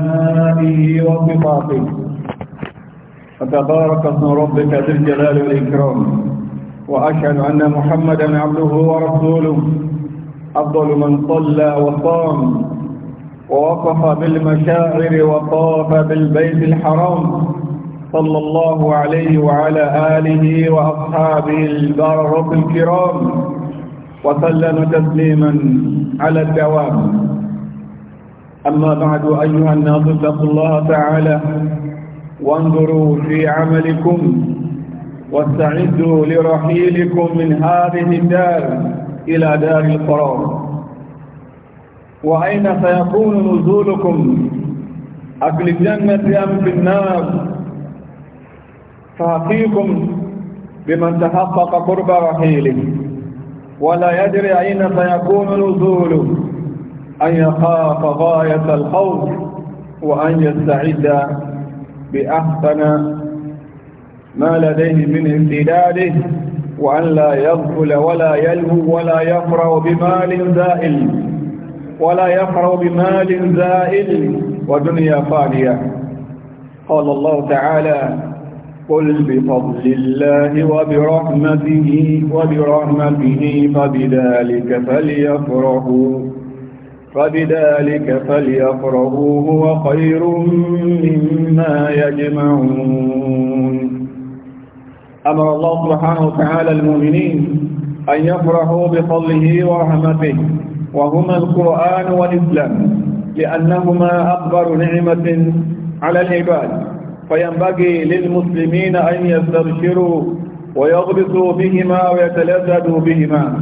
آله وصفاته فتبارك اسم ربك ذي الجلال والإكرام وأشهد أن محمدا عبده ورسوله أفضل من صلى وصام ووقف بالمشاعر وطاف بالبيت الحرام صلى الله عليه وعلى آله وأصحابه البررة الكرام وسلم تسليما على الدوام أما بعد أيها الناس اتقوا الله تعالى وانظروا في عملكم واستعدوا لرحيلكم من هذه الدار إلى دار القرار وأين سيكون نزولكم أكل الجنة أم في النار فأقيكم بمن تحقق قرب رحيله ولا يدري أين سيكون نزوله أن يخاف غاية الخوف وأن يستعد بأحسن ما لديه من امتداده وأن لا يغفل ولا يلهو ولا يفرغ بمال زائل ولا يفرغ بمال زائل ودنيا فانية قال الله تعالى قل بفضل الله وبرحمته وبرحمته فبذلك فليفرحوا فبذلك فليفرغوا هو خير مما يجمعون أمر الله سبحانه وتعالى المؤمنين أن يفرحوا بفضله ورحمته وهما القرآن والإسلام لأنهما أكبر نعمة على العباد فينبغي للمسلمين أن يستبشروا ويغبطوا بهما ويتلذذوا بهما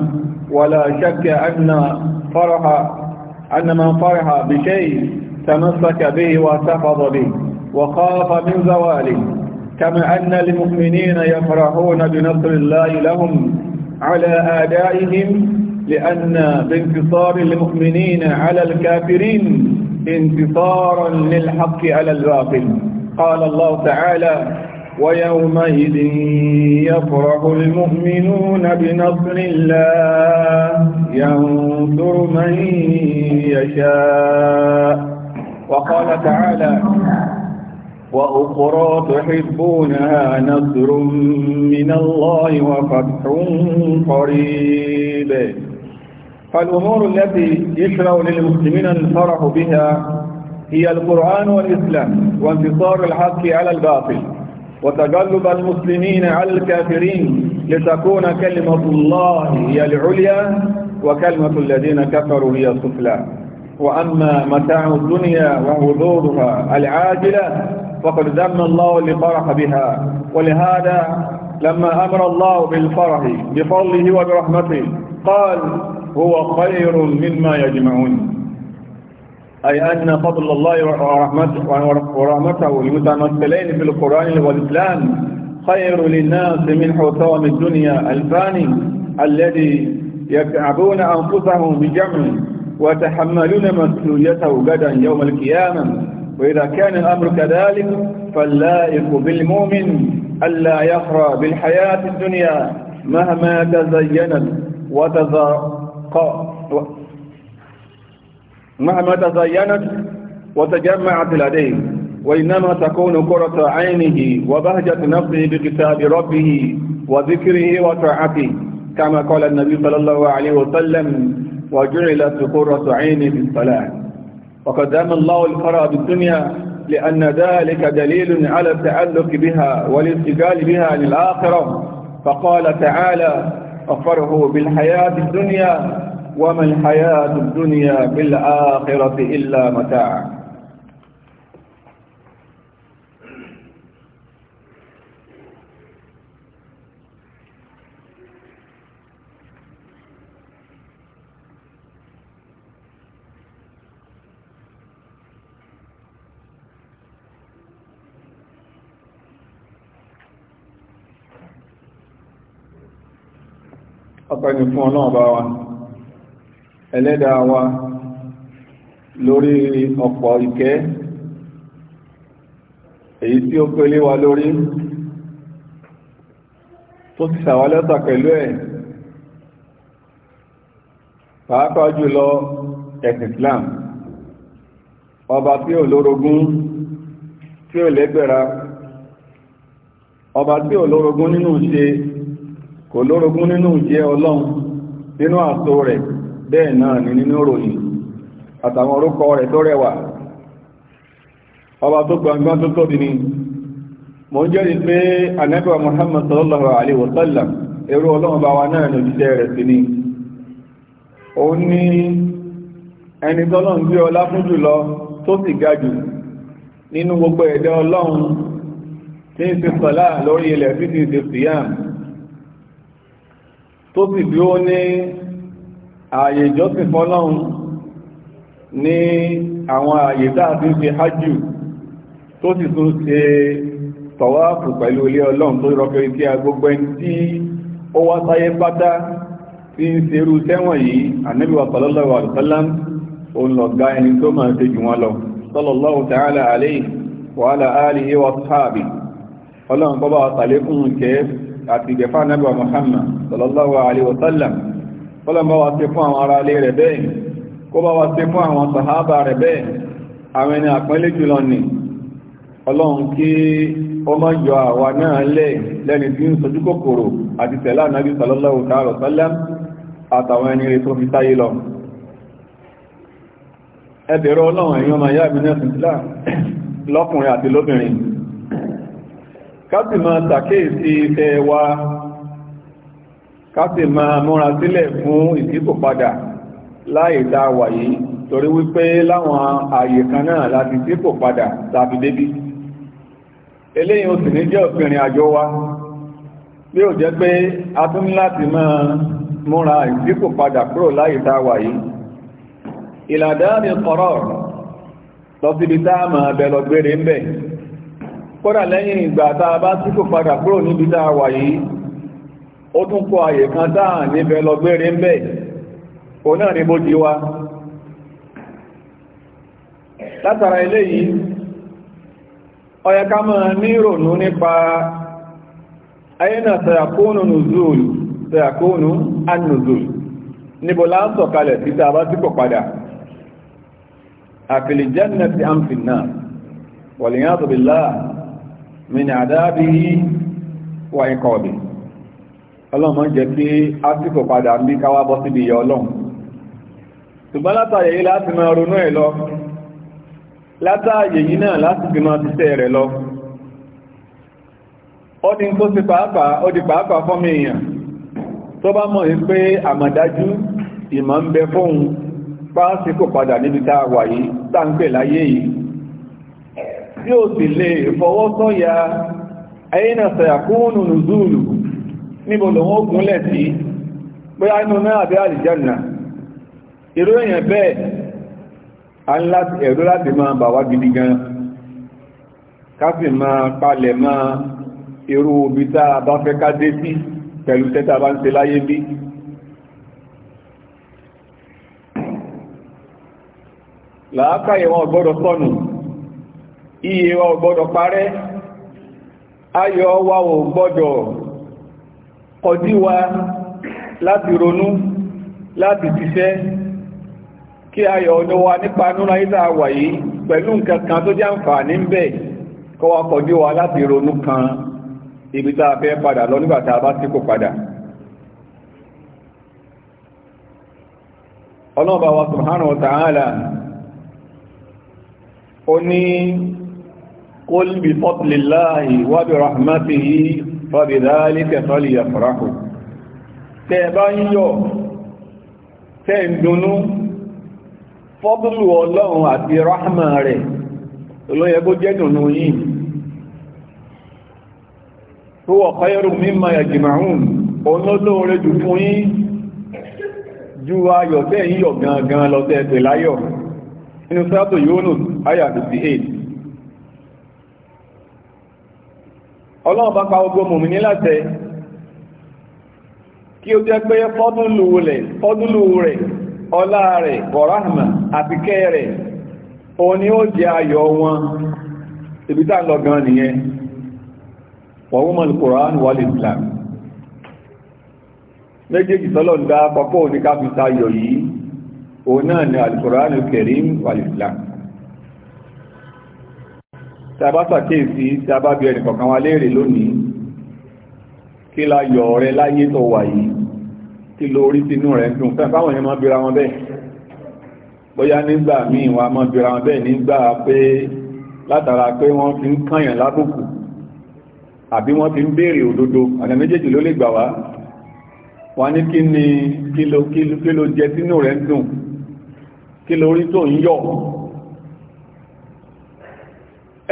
ولا شك أن فرح أن من فرح بشيء تمسك به واحتفظ به وخاف من زواله كما أن المؤمنين يفرحون بنصر الله لهم على آدائهم لأن بانتصار المؤمنين على الكافرين انتصارا للحق على الباطل قال الله تعالى ويومئذ يفرح المؤمنون بنصر الله ينصر من يشاء وقال تعالى وأخرى تحبونها نصر من الله وفتح قريب فالأمور التي يشرع للمسلمين الفرح بها هي القرآن والإسلام وانتصار الحق على الباطل وتجلب المسلمين على الكافرين لتكون كلمة الله هي العليا وكلمة الذين كفروا هي السفلى وأما متاع الدنيا وحظوظها العاجلة فقد ذم الله لفرح بها ولهذا لما أمر الله بالفرح بفضله وبرحمته قال هو خير مما يجمعون أي أن فضل الله ورحمته, ورحمته المتمثلين في القرآن والإسلام خير للناس من حطام الدنيا الفاني الذي يتعبون أنفسهم بجمع وتحملون مسؤوليته غدا يوم القيامة وإذا كان الأمر كذلك فاللائق بالمؤمن ألا يخرى بالحياة الدنيا مهما تزينت وتزرق مهما تزينت وتجمعت لديه وإنما تكون كرة عينه وبهجة نفسه بكتاب ربه وذكره وطاعته كما قال النبي صلى الله عليه وسلم وجعلت قرة عيني في الصلاة وقد دام الله القرى بالدنيا لأن ذلك دليل على التعلق بها والانتقال بها للآخرة فقال تعالى أفره بالحياة الدنيا وما الحياة الدنيا في الآخرة إلا متاع Apa ni fún ọlọ́ọ̀bá ẹlẹ́dàá wa lórí ọ̀pọ̀ ìkẹ́ èyí tí ó pélé wa lórí tó ti sàwálẹ́ta pẹ̀lú ẹ̀ pàápàá jùlọ ẹ̀sìn Islam ọba tí ò lórogún tí ò lẹ́gbẹ̀ra ọba tí ò lórogún nínú ṣe kò lórogún nínú jẹ́ ọlọ́run nínú àtò rẹ̀ bẹ́ẹ̀ náà ni nínú ìròyìn àtàwọn orúkọ rẹ̀ tó rẹwà ọba tó gbangban tó tóbi mo ń jẹ́rìí pé anẹ́bà Muhammad sallallahu alaihi wasallam ẹrú ọlọ́run bá wa náà ní ni. rẹ̀ ni ó ní ẹni tọ́lọ́run gbé ọlá fún jùlọ tó sì ga gbogbo ọlọ́run tí ń sọ̀lá lórí ilẹ̀ ṣe tó sì ààyè ìjọsìn fọ́lọ́run ní àwọn ààyè tá a ti ṣe hajjù tó sì tún ṣe tọ̀wáàpù pẹ̀lú ilé ọlọ́run tó rọ́kẹ́ tí a gbogbo ẹni tí ó wá sáyé pátá tí ń ṣe irú tẹ́wọ̀n yìí Ànábì sallallahu alaihi wasallam òun lọ̀gá ẹni tó máa ṣe jù wọn lọ sallallahu ta'ala sallallahu alaihi wasallam ọlọ́mbà wa ṣe fún àwọn ará ilé rẹ̀ bẹ́ẹ̀ kó bá wa ṣe fún àwọn sàhábà rẹ̀ bẹ́ẹ̀ àwọn ẹni àpẹ́lẹ́ jùlọ ni ọlọ́run kí ó má yọ àwa náà lẹ̀ lẹ́ni tí ń sojú kòkòrò àti tẹ̀lá nàbí sallallahu ta'ala sallam àtàwọn ẹni rẹ̀ tó fi táyé lọ ẹbẹ̀rẹ̀ ọlọ́run ẹ̀yàn ma yá ìbínẹ̀sìn lọ́kùnrin ká sì máa múra sílẹ̀ fún ìṣípòpadà láì dá wà yìí torí wípé láwọn ààyè kan náà láti ṣípòpadà tàbí débí eléyìn ó sì ní jẹ́ òpinrin àjọ wa bí ó jẹ́ pé a tún ní láti máa múra ìṣípòpadà kúrò láì dá wà yìí ìlàdá ni kọ̀rọ̀ lọ síbi tá a máa bẹ̀lọ̀ gbére ń bẹ̀ kódà lẹ́yìn ìgbà tá a bá ṣípòpadà kúrò níbi tá a wà yìí ó tún kọ àyè kan táà níbẹ̀ lọ gbére o náà ni bó ti wá látara eléyìí ó yẹ ká ní ìrònú nípa ayé náà sẹ̀yàkóònù nùzúùlù sẹ̀yàkóònù níbo láńsọ̀ kalẹ̀ títà bá padà àtòbìlá wà ọlọ́mọ jẹ́ kí ásìkò padà ń bí káwá bọ́ síbi ìyà ọlọ́run ṣùgbọ́n látàyè yìí láti máa ronú ẹ̀ lọ látàyè yìí náà láti fi máa tiṣẹ́ rẹ̀ lọ ó ní tó ṣe pàápàá ó di pàápàá fún mi èèyàn tó bá mọ̀ yìí pé àmọ̀dájú ìmọ̀ ń bẹ fóun pàásìkò padà níbi tá a wà yìí tá ń pè láyé yìí tí ó sì lè fọwọ́ sọ́yà ẹ̀yìn àṣàyàkúnnù nùzúùlù níbo lòun ó gúnlẹ̀ sí bóyá inú náà bí àlìjánà irú èèyàn bẹ́ẹ̀ ẹ̀rú láti máa bà wá gidi gan káfí máa palẹ̀ máa irú obi tá a bá fẹ́ ká dé sí pẹ̀lú tẹ́ta bá ń ṣe láyé bí làákàyè wọn gbọ́dọ̀ sọnù iye wọn gbọ́dọ̀ parẹ́ ayọ̀ wa ò gbọ́dọ̀ kọjú wa láti ronú láti ṣiṣẹ́ kí ayọ̀ ọ̀nà wa nípa nínú ayíta wà pẹ̀lú nǹkan kan tó jẹ́ àǹfààní ní bẹ̀ kọ́ wa kọjú wa láti kan ibi tá a padà lọ nígbà bá kò padà fọ́bí dáálíkẹ̀ fọ́lì yàfọ́rákù tẹ́ bá ń yọ̀ tẹ́ ń dunú fọ́bùlù ọlọ́run àti ráhmà rẹ̀ olóyẹ kó jẹ́ dùnú yìí tó ọ̀kọ́ yẹ́rù mímọ̀ yàjìmáhùn olólóore jù fún yín ju ayọ̀ tẹ́ yíyọ̀ gangan lọ tẹ́ láyọ̀ inú sáàtò Yunus àyà 58 ọlọ́run bá pa gbogbo mòmìnì láṣẹ kí ó jẹ́ pé fọ́dúnlù rẹ̀ fọ́dúnlù rẹ̀ ọlá rẹ̀ bọ̀ráhàmà àtikẹ́ rẹ̀ òun ni ó jẹ́ ayọ̀ wọn ibi tá lọ nìyẹn wọ́n mọ̀ Qur'an wal Islam méjèèjì tọ́lọ̀ ń dá pọ̀pọ̀ òní káfíńtà yìí òun náà ni al-Qur'anul Karim wal tí a bá sàkéèsí tí a bá bí ẹnì kọ̀ọ̀kan wa léèrè lónìí kí la yọ ọ̀rẹ́ láyé tó wà yìí kí lo orí sínú rẹ̀ dùn báwọn yẹn máa bira wọn bẹ́ẹ̀ bóyá nígbà míì wọn a máa bira wọn bẹ́ẹ̀ nígbà pé látara pé wọ́n fi ń kànyàn lábùkù àbí wọ́n fi ń béèrè òdodo àti méjèèjì ló lè gbà wá wọ́n ní kí ni kí lo jẹ sínú rẹ̀ dùn kí lo orí tó ń yọ̀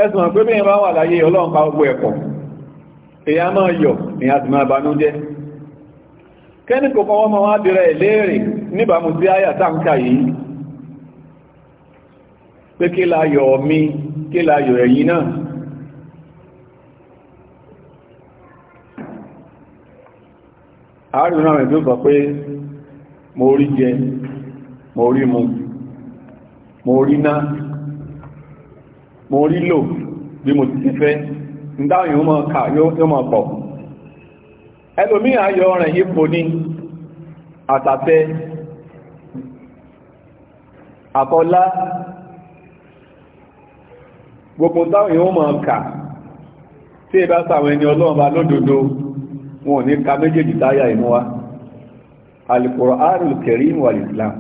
ẹ̀sùn pé bí i bá wà láyé ọlọ́run pa ogbó ẹ̀kọ́ èyà máa yọ̀ ní a ti máa banú jẹ́ kẹ́ni kò kọ́ ọmọ wọn dìrẹ ìléèrè níbàmú sí àyà táǹkà yìí pé kí la yọ̀ mi kí la yọ̀ ẹ̀yin náà àárín rẹ̀ tó sọ pé mo rí jẹ mo rí mu mo rí náà mo rí lò bí mo ti fẹ́ ndáwọn yóò mọ̀ ká yóò mọ̀ pọ̀ ẹlòmíì ayọ̀ rẹ̀ ipò gbogbo táwọn ụmụ mọ̀ ká tí ìbá sàwọn ẹni ọlọ́run bá lódodo wọn ò ní ka méjèèjì táyà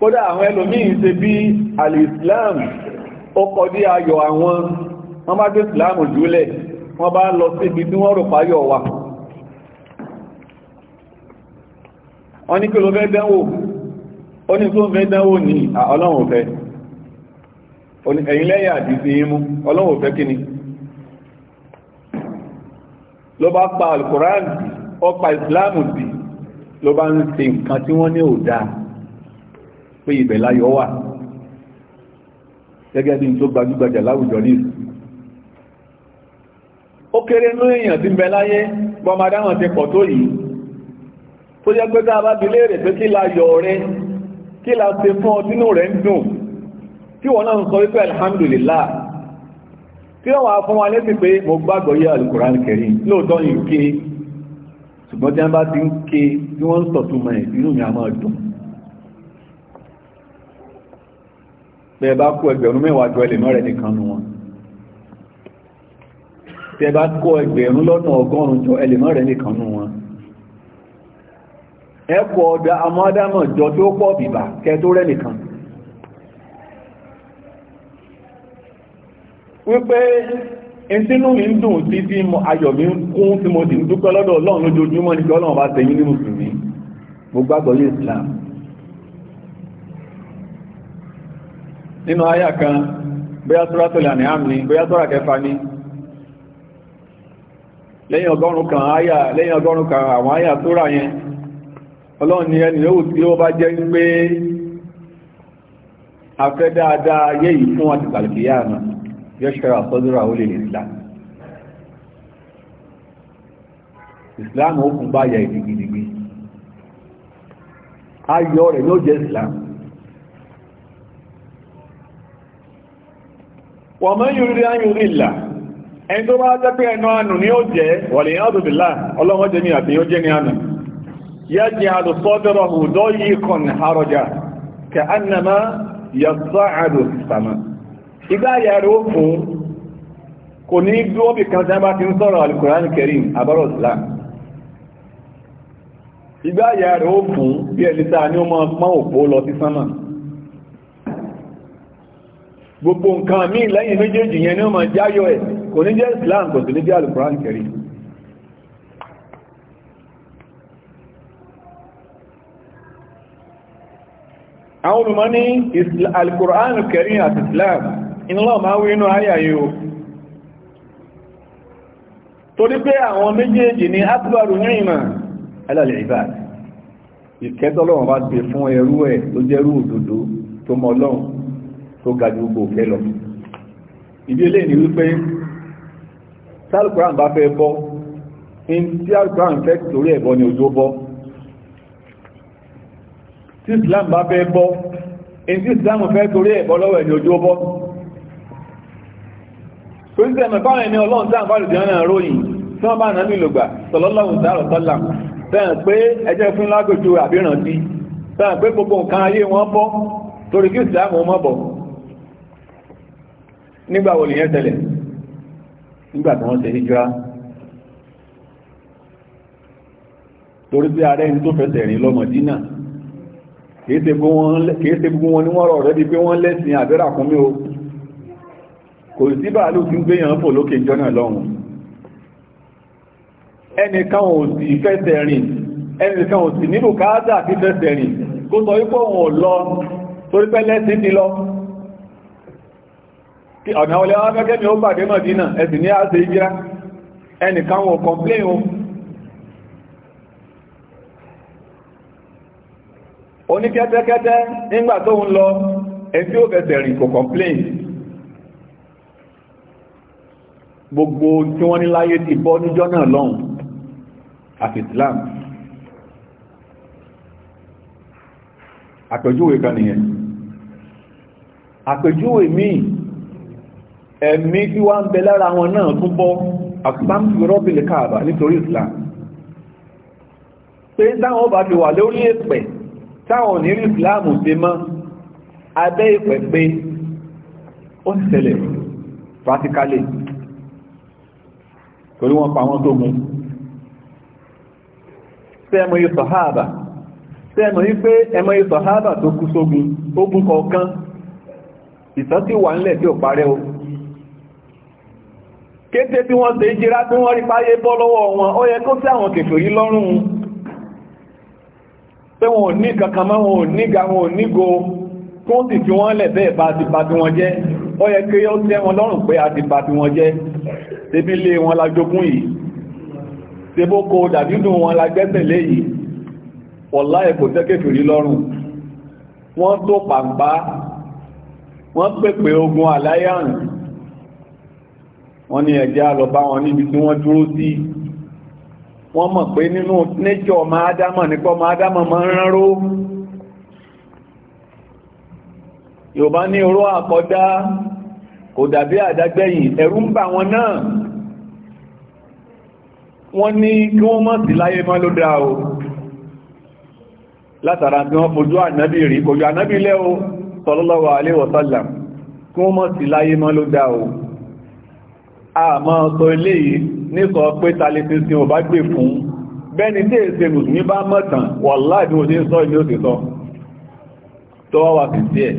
kódà àwọn ẹlòmíì ṣe bí alìsílám ó kọdí ayọ̀ àwọn wọ́n bá gbé ìsìláàmù jùlẹ̀ wọ́n bá lọ sí ibi tí wọ́n rò páyọ̀ wà wọ́n ní kí ló fẹ́ dánwò ó ní tó ń fẹ́ dánwò ní ọlọ́run fẹ́ ẹ̀yìn lẹ́yìn àdìsí imú ọlọ́run fẹ́ kí pé ibẹ̀ láyọ̀ wà gẹ́gẹ́ bí n tó gbajúgbajà láwùjọ ní ìlú ó kéré ní èèyàn tí ń bẹ láyé bọ́mọdáwọn ti pọ̀ tó yìí tó jẹ́ pé táa bá bi léèrè pé kí la yọ̀ rẹ kí la ṣe fún ọ tínú ń dùn tí wọ́n náà ń sọ wípé alhamdulillah tí wọ́n wà fún wa létí pé mo gbàgbọ́ yé alukuran kẹrin lóòótọ́ yìí ké ṣùgbọ́n tí wọ́n bá ti ń ké tí wọ́n ń sọ̀tún mọ̀ ẹ̀ inú mi a máa dùn tẹ́ bá kó ẹgbẹ̀rún mẹ́wàá jọ ẹlẹ̀ mọ́rẹ̀ nìkan nù wọn tẹ́ bá kó ẹgbẹ̀rún lọ́nà ọgọ́rùn jọ ẹlẹ̀ mọ́rẹ̀ nìkan nù wọn ẹ̀kọ́ ọ̀dà amọ́dámọ̀ jọ tó pọ̀ bìbà kẹ tó rẹ̀ nìkan wípé ìtínú mi ń dùn sí tí ayọ̀ mi ń kún tí mo sì ń dúpẹ́ lọ́dọ̀ ọlọ́run lójoojúmọ́ ní kí ọlọ́run bá tẹ̀yìn ní mùsùlùmí mo gbàgbọ́ yé Islam nínú ayá kan bóyá Suratul An'am ni bóyá sọ́rà kẹfà ni lẹ́yìn ọgọ́rùn kan kan àwọn àyà yẹn ọlọ́run ni ẹni yóò tí ó bá jẹ́ pé afẹ́ dáadáa ayé yìí fún àti kàlùkìyà àmà náà wọ́n mọ́ yìí rí ayùn rí ìlà ẹni tó bá jẹ́ pé ẹnu àánú ni ó jẹ́ wọ̀lẹ̀ yẹn ọdún bìlá ọlọ́wọ́ jẹ́ ní àti yóò jẹ́ ní àánú yá jẹ́ alùsọ́dọ̀rọ̀ hùdọ́ yìí igbá yàrá ó ó fún bí ẹni ní ó máa òpó lọ sí sánmà gbogbo nǹkan míì lẹ́yìn méjèèjì yẹn ní ọmọ jáyọ ẹ̀ kò ní jẹ́ Islam kò sí ní jẹ́ alukuran kẹrì àwọn olùmọ́ ní alukuran kẹrì àti Islam inúlọ́ máa wí inú ayà yóò torí pé àwọn méjèèjì ní akbaru ní alàlẹ̀ ìbáàdì ìkẹ́tọ́lọ́wọ́n bá ti fún ẹrú ẹ̀ tó jẹ́rú òdodo tó mọ́ ọlọ́run tó ga ju gbogbo òfẹ́ lọ ìdí eléyìí ni wípé bá fẹ́ bọ́ tí fẹ́ torí ẹ̀bọ ni òjò bọ́ tí islam bá fẹ́ bọ́ tí islam fẹ́ torí ẹ̀bọ lọ́wọ́ ẹ̀ ni òjò bọ́ ọlọ́run tí tí wọ́n bá nà ní ìlògbà fẹ́ràn pé ẹjẹ́ fún lágbèjú àbíràn sí fẹ́ràn pé gbogbo nǹkan ayé wọn bọ́ nígbà wo nìyẹn tẹ̀lẹ̀ nígbà tí wọ́n ṣe hijira torí pé ààrẹ ní tó fẹsẹ̀ rìn lọ Mọ̀dínà kìí ṣe gbogbo wọn ní wọ́n rọ̀ rẹ́ bí pé wọ́n lẹ́sìn àbẹ́rà fún mi o kò sí bàálù tí ń gbé yàn fò lókè jọ́nà lọ́hùn ẹnìkan ò sì fẹsẹ̀ rìn ẹnìkan ò sì nílò káádà sí fẹsẹ̀ rìn kó sọ wípé òun ò lọ torí lẹ́sìn ti lọ kí ọ̀nà olè wọ́n fẹ́ kẹ́mi ó gbàdé dínà ẹ̀sì ní àṣẹ ìjírá ẹnìkan o oní kẹ́tẹ́kẹ́tẹ́ nígbà tó ń lọ ẹ̀sí ó fẹsẹ̀ rìn kò gbogbo tí wọ́n ní ti bọ́ níjọ́ náà lọ́hùn àti kan nìyẹn míì ẹ̀mí tí wá ń bẹ lára wọn náà tún bọ́ àtúntàmì rọ́bìlì káàbà nítorí Islam pé táwọn bá ti wà lórí ẹ̀pẹ̀ táwọn ní rí Islam ṣe mọ́ abẹ́ ẹ̀pẹ̀ pé ó ti ṣẹlẹ̀ practically torí wọ́n pa wọ́n tó mú sẹ́mọ̀ yí tó kú sógun ogun kọ̀ọ̀kan ìtàn sì wà nílẹ̀ tí ò parẹ́ o kété tí wọ́n ṣe jíra tí wọ́n rí páyé bọ́ lọ́wọ́ wọn ó yẹ kó sí àwọn kèfèrí lọ́rùn pé wọn ò ní kankan mọ́ wọn ò ní ga wọn ò ní go tó ń sì fi wọ́n lẹ̀ bẹ́ẹ̀ bá ti bá ti wọn jẹ́ ó yẹ kí ó tẹ́ wọn lọ́rùn pé a ti bá ti wọn jẹ́ tẹ́bí lé wọn la jogún yìí tẹ́bókò dàdídùn wọn la gbẹ́sẹ̀ lé yìí wọ̀lá ẹ̀kọ́ tẹ́ kèfèrí lọ́rùn wọ́n tó pàǹpá wọ́n pèpè ogun alliance wọ́n ní ẹ̀já lọ bá wọn níbi tí wọ́n dúró sí wọ́n mọ̀ pé nínú nature ọmọ adámọ̀ nípa ọmọ adámọ̀ mọ́ ránró Yorùbá ní oró àkọ́dá kò dàbí àdágbẹ̀yìn ẹ̀rù ń bà wọn náà wọ́n ní kí wọ́n mọ̀ sí láyé mọ́ ló dáa o látara bí wọ́n fojú ànábì rí kojú ànábì lẹ́ o sallallahu alaihi wasallam kí wọ́n mọ̀ sí láyé mọ́ ló dáa o àmọ́ sọ ilé yìí nísọ pé talisinsin ò bá gbè fún bẹ́ni tí èsè mùsùlùmí bá mọ̀tàn wọ̀lá ìbí mo ti ń sọ ilé òsì sọ tó wá wà sí sí ẹ̀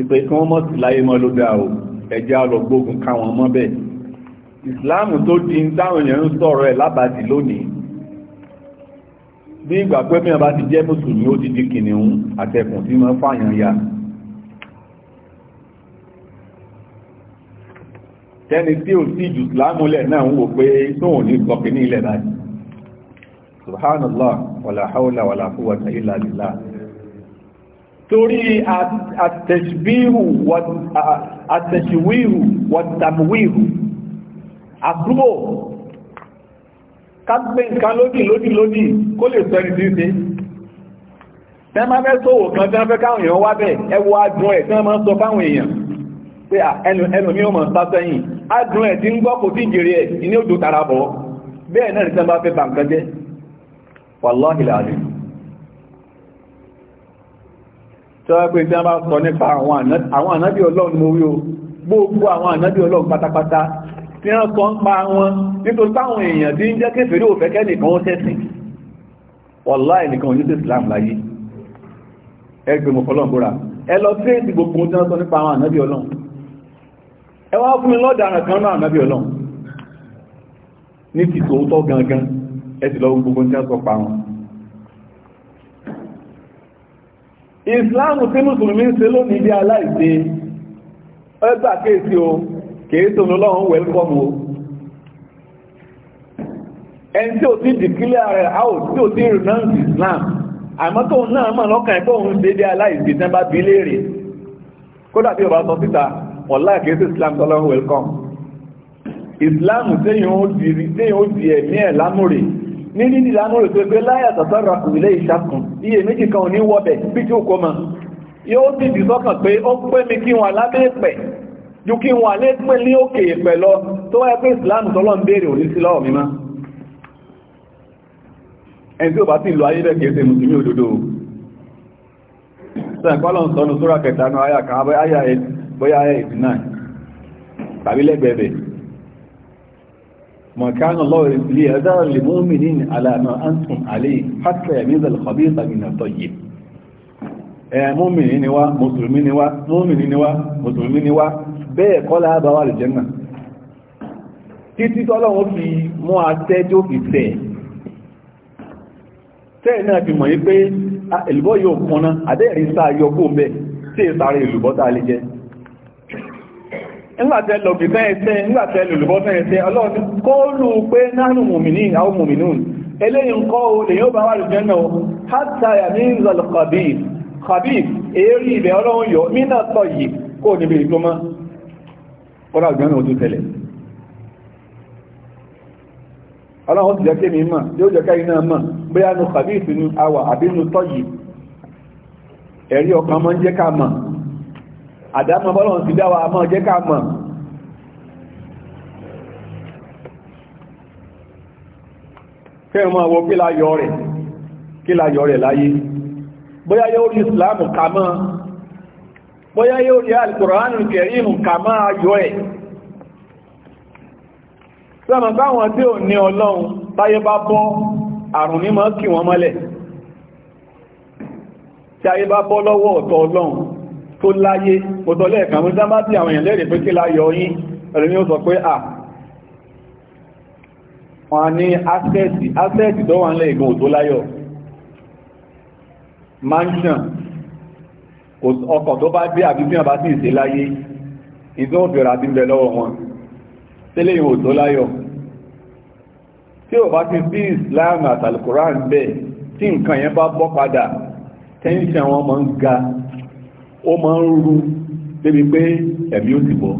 ìpè kí wọ́n mọ̀ sí láyé mọ́ ló dáa o ẹ̀jẹ̀ alọ́gbógun káwọn mọ́ bẹ́ẹ̀ ìsìláàmù tó di ń táwọn èèyàn ń sọ̀rọ̀ ẹ̀ lábàtì lónìí bí ìgbà pé mìíràn bá ti jẹ́ mùsùlùmí ó ti di kìnìún àtẹkùn tí wọ́n fàyàn ya tẹ́ni tí ò sí jù lámúlẹ̀ náà ń wò pé tó ò ní sọpì ní ilẹ̀ láti subhanallah wàlá haúlà wàlá quwwata illa billah torí àtẹ̀ṣìwíhù wàtàmúwíhù àbúrò kágbé nǹkan lódì lódì lódì kó lè sọ ẹni tí ṣe tẹ́mọ́ fẹ́ sówò kan tẹ́mọ́ fẹ́ káwọn wá bẹ̀ ẹwọ́ adùn ẹ̀ tẹ́mọ́ sọ fáwọn pé ẹnu mi ò mọ̀ sásẹ́yìn adùn ẹ̀ tí ń gbọ́ kò tí jèrè ẹ̀ ní ó dùn tara bọ̀ bẹ́ẹ̀ náà nìkan bá fẹ́ bà nǹkan jẹ́ wàláhìláàrí tí wọ́n pè tí wọ́n bá sọ nípa àwọn ànábì ọlọ́run mo wí o gbogbo àwọn ànábì ọlọ́run pátápátá tí wọ́n sọ ń pa wọn nítorí táwọn èèyàn tí ń jẹ́ kéfèrè òfẹ́kẹ́ nìkan ó tẹ́sìn wàláhì nìkan ojú sí Islam láyé ẹgbẹ̀mọ̀fọ́lọ́mbúra ẹ lọ sí èsì gbogbo tí wọ́n sọ nípa àwọn ànábì ọlọ́run ẹ wá fún mi lọ́dàrà kan náà náàbí ọlọ́run ní ti tòótọ́ gangan ẹ sì lọ gbogbo tí a sọ pa wọn ìsìláàmù tí mùsùlùmí ń ṣe lónìí bí aláìsí ẹgbà kéèsì o kèé tó lọ́wọ́n wẹ́lkọ́mù o ẹni tí ò ti dìkílẹ̀ rẹ̀ out tí ò ti renounce Islam àmọ́ tóun náà mọ̀ lọ́kàn ẹ̀kọ́ òun dédé aláìsí tẹ́ bá bí léèrè kódà tí ọba sọ síta ọ̀lá kìí sí islam tọ́lọ́run welcome islam tẹ́yìn ó di ẹ̀mí ẹ̀ lámúrè ní nílì lámúrè tó gbé láyà tàtàrà ilé ìṣàkùn iye méjì kan ní wọ́bẹ̀ bí tí ó kọ́ mọ́ yóò sì dì sọ́kàn pé ó pẹ́ mi kí wọn lábẹ́ pẹ̀ ju kí wọn lé pẹ́ ní òkè pẹ̀ lọ tó wáyé pé islam tọ́lọ́run béèrè òní sí lọ́wọ́ mi mọ́ ẹni tí ó bá sì lọ ayé bẹ́ẹ̀ kìí ṣe mùsùlùmí òdodo sẹ́ǹkọ́lọ̀ ń sọ́nu sórà kẹta náà ayà kan abẹ́ ayà bóyá ẹ̀kì náà tàbí lẹ́gbẹ̀ẹ́bẹ̀ mọ̀kánà lọ́wọ́ ìsìlẹ̀ ẹ̀dára lè mú mi ní àlànà antum alẹ́ hatta yamiza al-khabitha min at-tayyib mọ́mìnì ni wá mùsùlùmí ni wá mọ́mìnì ni wá mùsùlùmí ni wá bẹ́ẹ̀ kọ́ láàbá wà lè jẹ́ náà títí tọ́lọ́wọ́ fi mọ́ ìlúbọ́ ah, yóò kọ́ná àdẹ́ẹ̀rí sáà yọ kó mẹ́ tí è sáré ìlúbọ́ lè jẹ́ nígbàtẹ́ lọ̀bì fẹ́ ẹsẹ́ nígbàtẹ́ lòlùbọ́ fẹ́ ẹsẹ́ ọlọ́ọ̀tí kó lù pé nánú mùmìnì àwọn mùmìnì eléyìn kọ́ o lè yóò bá wà lùjẹ́ náà hátàyà ní ìzọ̀lù khabib khabib èérí ilẹ̀ ọlọ́run yọ mínà tọ̀ yìí kó níbi ìgbọ́mọ́ ọlá ìgbọ́n náà ó tún tẹ̀lẹ̀ ọlọ́run ti àdámọ́ bọ́lọ̀ ti dáwà mọ́ jẹ́ ká mọ̀ kẹ́rin mọ́ wo kílá yọ rẹ̀ kílá yọ rẹ̀ láyé bóyá yóò rí Islam kà mọ́ bóyá yóò rí alìkòránù kẹrìmù kà mọ́ ayọ́ ẹ̀ sọ́mọ̀ báwọn tí ò ní ọlọ́run táyé bá bọ́ àrùn ní kí wọ́n mọ́lẹ̀ tí ayé bá bọ́ lọ́wọ́ ọ̀tọ̀ ọlọ́run tó láyé mọ̀tọ̀lẹ́ ẹ̀kà mú sábá tí àwọn èèyàn lẹ́rìí pé kí láyọ̀ yín ẹ̀rẹ̀ ni ó sọ pé à wọ́n ní asẹ́ẹ̀tì asẹ́ẹ̀tì tó wà nílẹ̀ ìgbò tó láyọ̀ mansion ọkọ̀ tó bá dé àbí fíhàn bá sì ṣe láyé ìtọ́ òfèrà ti ń lọ́wọ́ wọn tẹ́lẹ̀ ìwò tó láyọ̀ tí ò bá ti sí Islam àtàlùkùrá ń tí nǹkan yẹn bá bọ́ padà tẹ́ńṣẹ̀ wọn mọ́ ń ga ó máa ń rú débi pé ẹ̀mí ò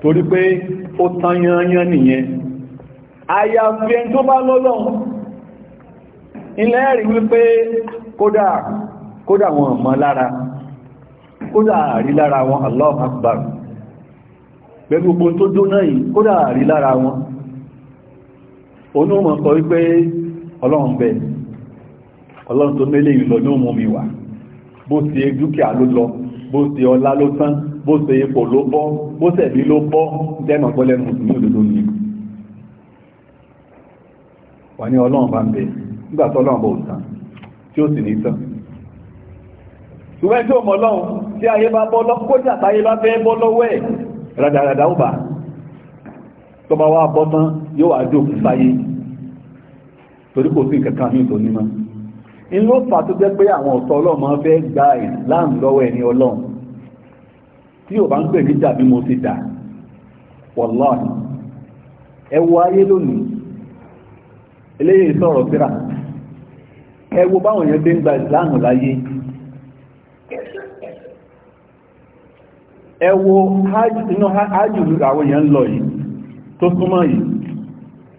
torí pé ó tán yányán nìyẹn àyàfi ẹni tó bá lọ́lọ́ ilẹ̀ rí wípé kódà kódà wọn mọ́ lára kódà rí lára wọn Allah akbar gbẹgbogbo tó jóná yìí kódà rí lára wọn onúmọ̀ sọ wípé ọlọ́run bẹ̀ ọlọ́run tó mẹ́lẹ̀ wà bó ṣe dúkìá ló lọ bó ṣe ọlá ló tán bó ṣe ipò ló bọ́ bó ṣẹ̀bí ló bọ́ dẹ́nà pẹ́lẹ́ mùsùlùmí òdodo ni wà ní ọlọ́run bá ń bẹ nígbà tó ọlọ́run bò tán tí ó sì ní tán ṣùgbọ́n tí ó mọ̀ lọ́run tí ayé bá bọ́ lọ́wọ́ kódà táyé bá fẹ́ bọ́ lọ́wọ́ ẹ̀ rádaràdà ó bà tó bá wá bọ́ tán yóò wá dé òkú sáyé torí kò sí nǹkan kan ní ìtòní in ló fà tó jẹ́ pé àwọn ọ̀tọ̀ ọlọ́mọ fẹ́ gba islam lọ́wọ́ ẹni ọlọ́run tí ò bá ń pè níjà bí mo ti dà wallahi ẹ wo ayé lónìí eléyìí sọ̀rọ̀ síra ẹ wo báwọn yẹn ti ń gba islam láyé ẹ wo inú hajj àwọn èèyàn ń lọ yìí tó súnmọ́ yìí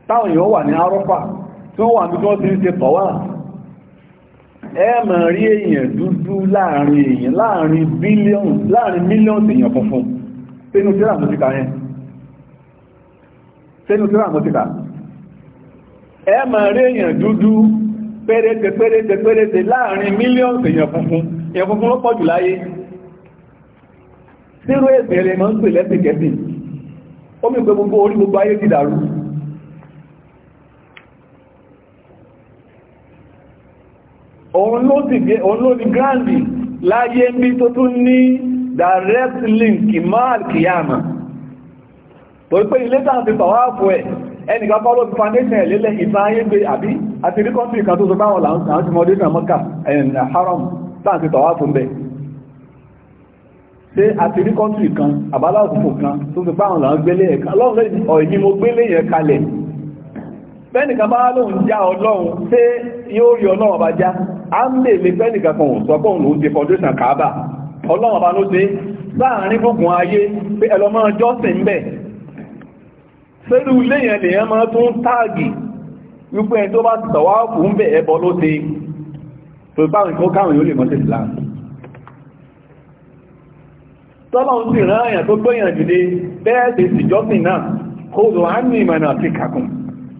táwọn èèyàn wà ní arọ́fà tí wọ́n wà ní tí wọ́n ti ń ṣe ẹ máa rí èèyàn dúdú láàrin èèyàn láàrin bílíọ̀nù láàrin mílíọ̀nù èèyàn funfun sínú tíra mọ́síkà yẹn sínú tíra mọ́síkà ẹ máa rí èèyàn dúdú péréte péréte péréte láàrin mílíọ̀nù èèyàn funfun èèyàn funfun ló pọ̀ jù láyé sírò èsì ẹ̀rẹ̀ mọ́ ń pè lẹ́sìnkẹ́sì ó mi pé gbogbo orí gbogbo ayé ti dàrú òun ló sì gbé òun ló ní grandi láyé ń bí tó tún ní direct link mal kìyàmà torí pé ilé tàà ti ẹ̀ ẹnìkan ti foundation ẹ̀lẹ́lẹ́ ìfáyé gbé àbí àti rí tó sọ báwọn ti mọ́dé náà ẹ̀yìn ti ṣe àti rí àbáláwọ̀ kan tó sọ báwọn gbélé pẹ́nìkan bá lóun já ọlọ́run pé yóò rí ọlọ́run bá já a ń lè lè pẹ́nìkan kan òun sọpọ̀ òun ti foundation kàábà ọlọ́run bá ló dé láàrin gbogbo ayé pé ẹlọmọ jọ́sìn ń bẹ̀ sẹ́rù léyàn lèyàn máa tún táàgì wípé ẹni tó bá ti tọ̀wá fún ń bẹ̀ ẹbọ ló ti tó bá nǹkan káwọn yóò lè mọ́ sí ìlànà tọ́lọ́run sì rán àyàn tó gbóyàn dìde bẹ́ẹ̀ sì jọ́sìn náà kó lọ á ní ìmọ̀ náà sí kàkùn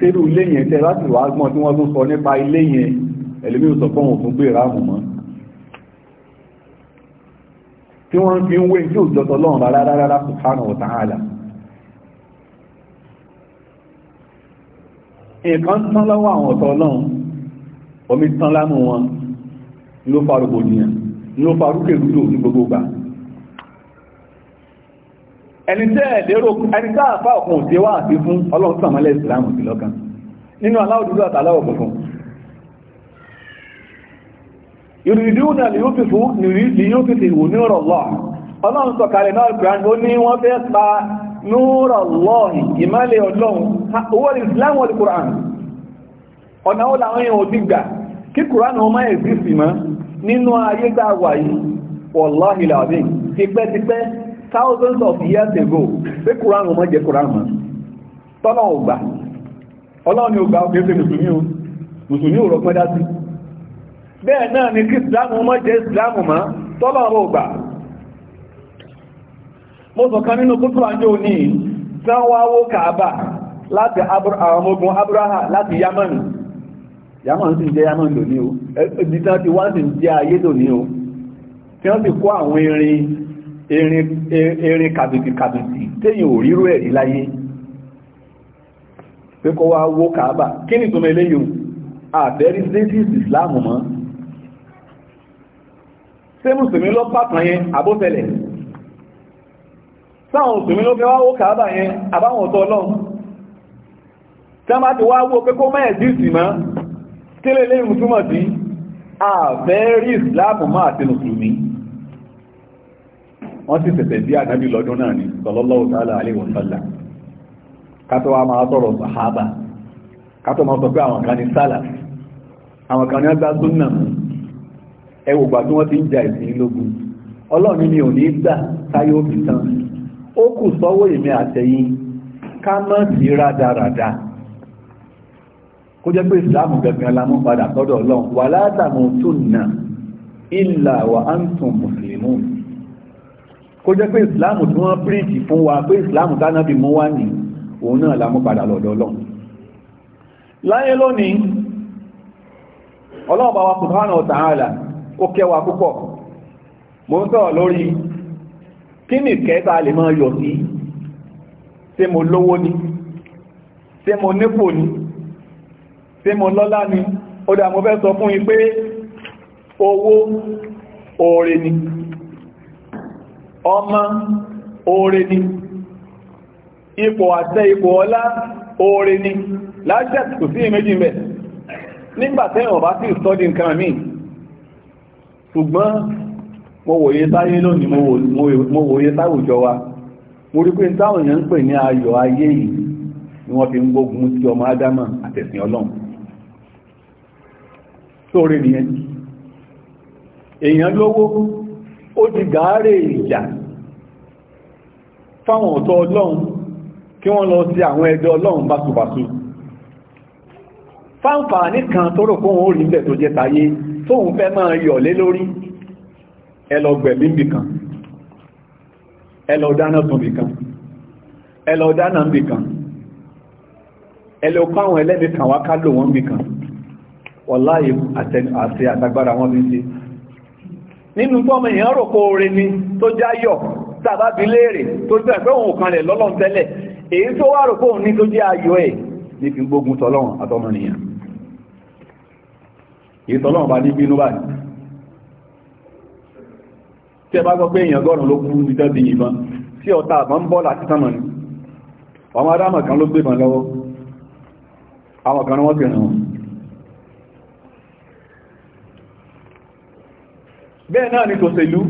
tẹ́rù ilé yẹn tẹ́ láti wà gbọ́n tí wọ́n tún sọ nípa ilé yẹn ẹ̀lẹ́mí ò sọ fún òun fún gbéra e mù mọ́ tí wọ́n fi ń wé tí ò jọtọ̀ lọ́run rárá rárá subhanahu wa ta'ala nǹkan tán lọ́wọ́ àwọn ọ̀tọ̀ ọlọ́run omi tán lámú wọn ló farúgbòdìyàn ló farúkèrúdò ní gbogbo gbà ẹni tẹ́ ẹ̀lérò ẹni tá àfá ọ̀kan òsì wá àti fún ọlọ́run sàmọ́lẹ̀ ìsìlámù sí lọ́kàn nínú aláwọ̀ dúdú àtàláwọ̀ funfun ìrìdúnà lè yóò fìfú nìrí yóò fìfì ìwò ní ọ̀rọ̀ ọlọ́run sọ kalẹ̀ náà grand ó ní wọ́n fẹ́ pa ìmálẹ̀ ọlọ́run owó ìsìlámù wọ́n ọ̀nà thousands of years ago pé Quran mọ́ jẹ Quran mọ́ tọ́lọ́ ọgbà ọlọ́run ọgbà ògbà fẹ́ mùsùlùmí o mùsùlùmí ò rọpẹ́ dá sí bẹ́ẹ̀ náà ni kí Islam mọ́ jẹ́ Islam mọ́ tọ́lọ́ ògbà mo nínú wá láti àwọn ogun láti Yamani Yamani sì Yamani o ti wá o erin kàbìtì kàbìtì téyìn ò ríró ẹ̀rí láyé pé kọ́ wá wó kàábà kí ni túnmọ̀ eléyìí àbẹ́rí zétis islam mọ́ ṣé mùsùlùmí lọ pàtàn yẹn àbótẹ́lẹ̀ sáwọn mùsùlùmí ló fẹ́ wá wó kàábà yẹn àbáwọn ọ̀tọ̀ ọlọ́run tí a bá ti wá wó pé kó mẹ́ẹ̀ dìsì mọ́ kí lè léyìn túnmọ̀ sí àbẹ́rí islam mọ́ àti mùsùlùmí wọ́n sì tẹ̀tẹ̀ sí ànábì lọ́dún náà ni sallallahu ta'ala alaihi wa sallam kátó wa máa sọ̀rọ̀ sàhábà kátó máa sọ pé àwọn kan ní sálà àwọn kan ní ọgbà súnà mú ẹwò gbà tí wọ́n ti ń ja ìsìn lógun ọlọ́run ni ò ní gbà táyé òbí tán ó kù sọ́wọ́ èmi àtẹ̀yìn ká mọ́ sí rádaràda kó jẹ́ pé ìsìláàmù gẹ̀gẹ̀ la padà sọ́dọ̀ ọlọ́run wala tamutunna illa wa antum muslimun kó jẹ́ pé ìsìláàmù tí wọ́n píríǹtì fún wa pé ìsìláàmù dáná bí mú wá ní òun náà la mú padà lọ́dọ̀ Ọlọ́run láyé lónìí Ọlọ́run bá wa subhanahu wa ó kẹwa púpọ̀ mo ń sọ̀rọ̀ lórí kí ni kẹta lè máa yọ̀ sí ṣé mo lówó ni ṣé mo nípò ni ṣé mo lọ́lá ni ó mo fẹ́ sọ fún yín pé owó oore ni ọmọ oore ni ipò àtẹ ipò ọlá oore ni láṣẹ́ kò sí méjì mẹ́ nígbàtẹ́ ọ̀bá sí ìsọ́dí nǹkan mi ṣùgbọ́n mo wòye sáyé lónìí mo wòye sáwùjọ wa mo rí pé ń pè ní ayọ̀ ayé yìí ni wọ́n fi ń gbógun ti ọmọ ádámà àtẹ̀sìn ọlọ́run nìyẹn èèyàn lówó ó ji gàárè ìjà fáwọn ọ̀tọ̀ ọlọ́run kí wọ́n lọ sí àwọn ẹgbẹ́ ọlọ́run báṣubàṣu fáǹfààní kan tó rò fóhun ó ilẹ̀ tó jẹ́ tayé tóhun fẹ́ máa yọ̀ lé lórí ẹlọgbẹ̀mí bìkan ẹlọdáná tún bìkan ẹlọdáná bìkan wọn nínú tọ́mọ èèyàn rò kó oore ni tó jáyọ̀ tàbábí léèrè tó jẹ́ pé òun kan rẹ̀ lọ́lọ́n tẹ́lẹ̀ èyí tó wà rò kó òun ní tó jẹ́ ayọ̀ ẹ̀ ní fi gbógun tọ́lọ́run àtọmọnìyàn èyí tọ́lọ́run bá ní bínú báyìí tí ẹ bá gbọ́ pé èèyàn gọ́rùn ló kú bẹ́ẹ̀ náà ni tòṣèlú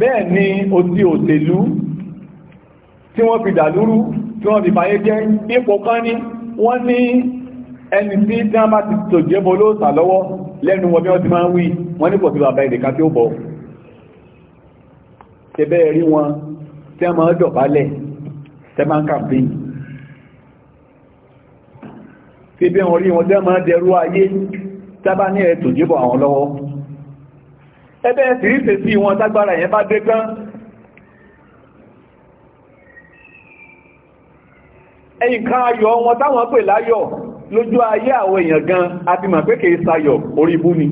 bẹ́ẹ̀ ni òtí òṣèlú tí wọ́n fi dàlúrú tí wọ́n fi fàyé jẹ́ ipò kan ní wọ́n ní ẹni tí tí wọ́n bá ti tò jẹ́ bọ́ lóòsà lọ́wọ́ lẹ́nu wọ́n bí wọ́n ti máa ń wí wọ́n ní pọ̀tí bàbá ìdíkà tí ó bọ̀ tẹ́bẹ́ rí wọn tí wọ́n máa dọ̀bálẹ̀ tẹ́ máa ń kàmpín tẹ́bẹ́ wọn rí wọn tẹ́ máa dẹrú ayé tábá ní ẹ̀tò jíbọ̀ àwọn lọ́wọ́ ẹbẹ́ ìrìsẹ̀ sí wọn tágbára yẹn bá dé kán ẹ̀yìn kan ayọ̀ wọn táwọn pè láyọ̀ lójú ayé àwọn èèyàn gan àti mọ̀ pé kìí sayọ̀ orí ibú ni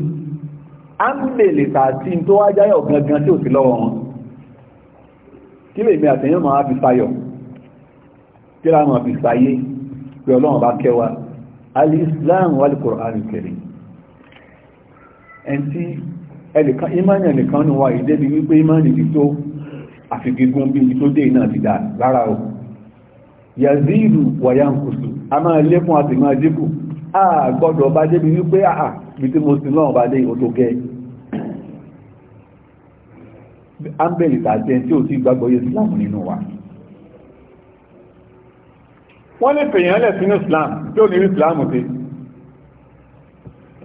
a ń bèèlè tààtí tó wá jáyọ̀ gangan tí ò sí lọ́wọ́ wọn kí lè mi àtẹ̀yàn máa fi sayọ̀ kí lá máa fi sayé pé ọlọ́run bá kẹwàá al-Islam wal-Qur'an ẹ̀ntí ẹnìkan ìmáàni ẹnìkan ní wa wípé ìmáàni ti tó àfigigún bí i tó dé náà ti dà o yazidu wayankusu a máa lékún àti máa dínkù a gbọ́dọ̀ bá débi wípé àà bí tí mo sin náà bá dé o gẹ́ wa wọ́n lè pèèyàn lẹ̀ sínú Islam tí ò ní Islam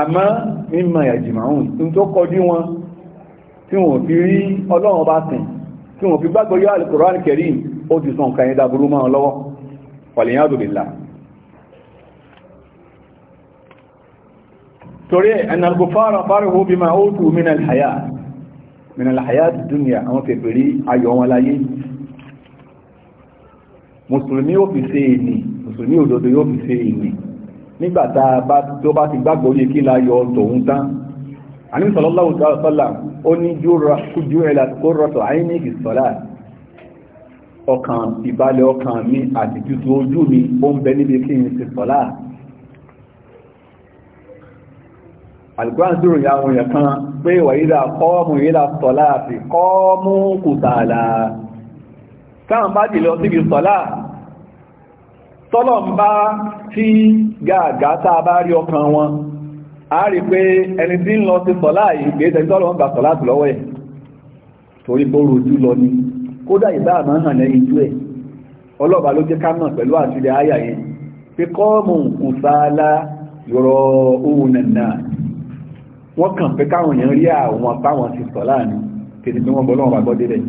àmọ́ mímọ̀ ìyàjìmáhùn tí tó kọjú wọn tí wọ́n fi rí ọlọ́run ọba sìn tí wọ́n fi gbàgbọ́ yọ alìkòrán kẹrin ó ti sọ nǹkan ẹ̀dà burú mọ́ lọ́wọ́ pàlìyàn àdùbìlà torí ẹ̀nàgbòfára fárihó bí máa ó tù mí nàìjíríà dúnìyà àwọn fèfèrí ayọ̀ wọn mùsùlùmí ó fi ṣe ènì mùsùlùmí òdodo yóò fi ṣe ènì nígbàtà tó bá ti gbàgbọ́ yé kí la yọ tòun tán àní sọlọ́láwù sọ́lá ó ní jù ẹ̀là tó rọ̀tọ̀ àìní ìsọ̀lá ọkàn ìbalẹ̀ ọkàn mi àti tútù ojú mi ó ń bẹ níbi kí n sì sọ̀lá alìkúrán dúró ya àwọn èèyàn kan pé wà tọ́lọ̀ ń bá tí gàgà tá a bá rí ọkàn wọn a rí pé ẹni tí ń lọ sí sọ́lá ìgbésẹ̀ tọ́lọ̀ ń gbà sọ́lá lọ́wọ́ ẹ̀ torí bó rojú lọ ni kódà ìbá máa hàn lẹ́yìn tó ẹ̀ ọlọ́ọ̀bá ló jẹ́ ká mọ̀ pẹ̀lú àtìlẹ̀ àyà yẹn pé kọ́ọ̀mù kù sáálá yọ̀rọ̀ ohun nànà wọ́n kàn pé káwọn èèyàn rí àwọn táwọn ti sọ láàánú kìí pé bọ́ lọ́wọ́ bá rẹ̀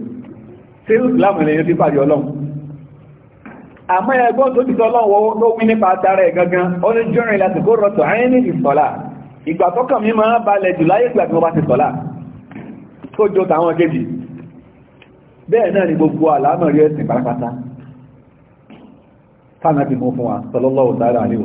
ṣé láwọn èèyàn ti pàdé ọlọ́run àmọ́ ẹgbọ́n tó títọ́ lọ́wọ́ ló wí nípa tara ẹ̀ gangan ó ní jọrin láti kó rọ̀tọ̀ ayé ní ìsọ̀lá ìgbà tọ́kàn mi máa balẹ̀ jù láyé ìgbà tí wọ́n bá ti sọ̀lá tó jọ tàwọn kejì bẹ́ẹ̀ náà ni gbogbo àlámọ̀ rí ẹ̀sìn pátápátá fáànà ti mú fún wa sallallahu ta'ala alaihi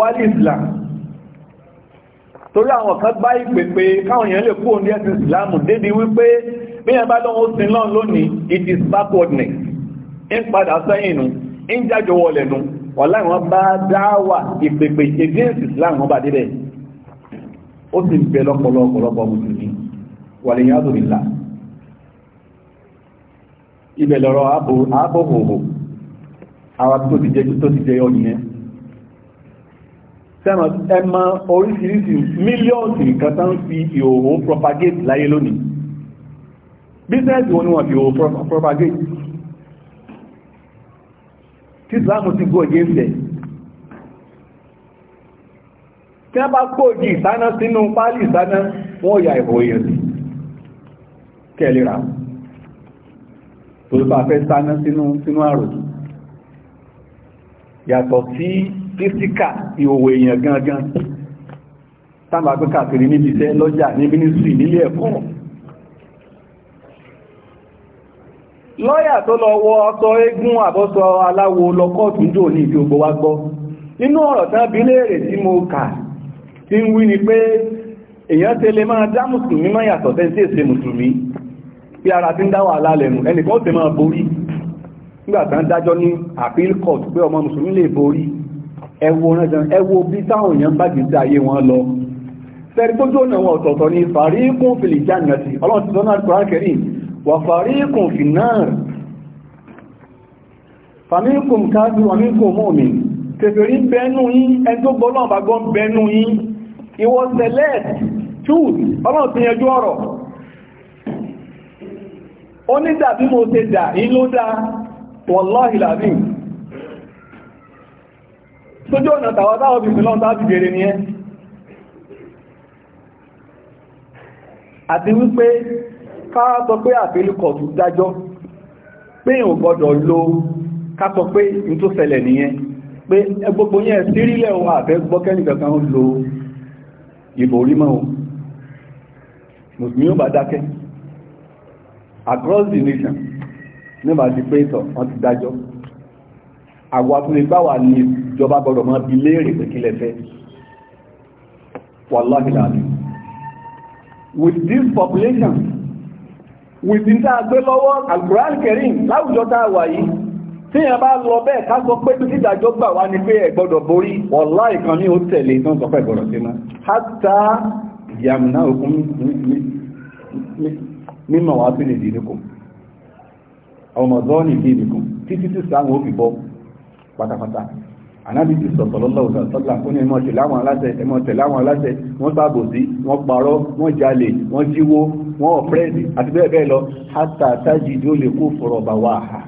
wal Islam torí àwọn kan gbá ìpè pé káwọn èèyàn lè kúrò ní ẹ̀sìn ìsìláàmù débi wípé bí ẹ bá lọ́wọ́ sin lọ́n lónìí it is backwardness ń padà sẹ́yìn nù ń jájọ wọlẹ̀ nù wà láì wọ́n bá dáwà ìpèpè against islam wọ́n bá débẹ̀ ó sì ń bẹ lọ́pọ̀lọpọ̀lọpọ̀ mùsùlùmí wà lè yàtò nílà ibẹ̀ lọ́rọ̀ ààbò ààbò hòhò àwọn tó ti jẹ́ tó ti jẹ́ yọ nìyẹn sẹ́mọ̀ ẹmọ oríṣiríṣi mílíọ̀nù nǹkan tán fi ìhòòhò propagate láyé lónìí bísẹ́ẹ̀sì wọn ni wọ́n fi ìhòòhò propagate tí islam ti go against ẹ̀ tí wọ́n bá gbòòjì ìsáná sínú pálí ìsáná wọ́n ya ìhò èèyàn sí kẹ́lera tó bá fẹ́ sáná sínú àrò yàtọ̀ sí físíkà ìhòwò èèyàn gangan tábà pé káàkiri níbi iṣẹ́ lọ́jà ní mínísírì nílé ẹ̀kọ́ lọ́yà tó lọ wọ ọsọ eégún àbọ́sọ aláwo lọ kọ́ọ̀tù jò ní ìdí ogbó wá gbọ́ inú ọ̀rọ̀ tán bí léèrè tí mo kà tí ń wí ni pé èèyàn tẹ lè máa dá mùsùlùmí máa yàtọ̀ tẹ́ sí èsè mùsùlùmí bí ara ti ń dá wà lálẹ́nu ẹnìkan ó tẹ máa borí nígbà tán dájọ́ ní àpíl court pé ọmọ mùsùlùmí lè borí ẹwọ ránṣẹ́ ẹwọ bí táwọn èèyàn bá gbèsè ayé wọn lọ sẹ́rí tó jóná wọn ọ̀tọ̀ọ̀tọ̀ ni fàríkùn fìlì jánàtì ọlọ́run ti sọ́nà kọ́rán kẹrin wà fàríkùn fìnáà fàmíkùn káàdù àmíkùn mọ́mí tẹ̀fẹ̀rí bẹnu yín ẹjọ́ gbọ́lọ́n bá gbọ́n bẹnu yín ìwọ select choose ọlọ́run ti yẹjú ọ̀rọ̀ ó ní dàbí mo ṣe dà ìlú dá sójú ọ̀nà tàwa táwọn fi sílọ́n tá fi bèèrè nìyẹn àti wípé káà sọ pé àfẹ́lúkọ̀tù dájọ́ pé ìwò gbọ́dọ̀ lo ká sọ pé ní tó ṣẹlẹ̀ nìyẹn pé gbogbo yẹn sírílẹ̀ ohun àfẹ́ gbọ́kẹ́nìkankan lo across the nation nígbà ti pé ìtọ̀ àwọn abúlé bá wà ní ìjọba gbọdọ̀ máa bi léèrè pé kí lẹ with this population with this àgbé lọ́wọ́ alkuran kerim láwùjọ tá a wà yìí tí yẹn bá lọ bẹ́ẹ̀ ká sọ pé bí ìdájọ́ gbà wá ní pé ẹ gbọdọ̀ borí wàlá ìkan ní ó tẹ̀lé tán sọ pé gbọdọ̀ sí náà hátà yàmùnà sí nìdí nìkan pátápátá ànábì ti sọ̀tọ̀ lọ́lọ́wọ́ sọ̀tọ̀lá fún ẹmọ tẹ̀lé àwọn aláṣẹ ẹmọ tẹ̀lé àwọn aláṣẹ wọ́n ṣàbòsí wọ́n parọ́ wọ́n jalè wọ́n jíwó wọ́n ọ̀pẹ́ẹ̀dì àti bẹ́ẹ̀ bẹ́ẹ̀ lọ hátà tájì tí ó lè kó fọ̀rọ̀ bà wà á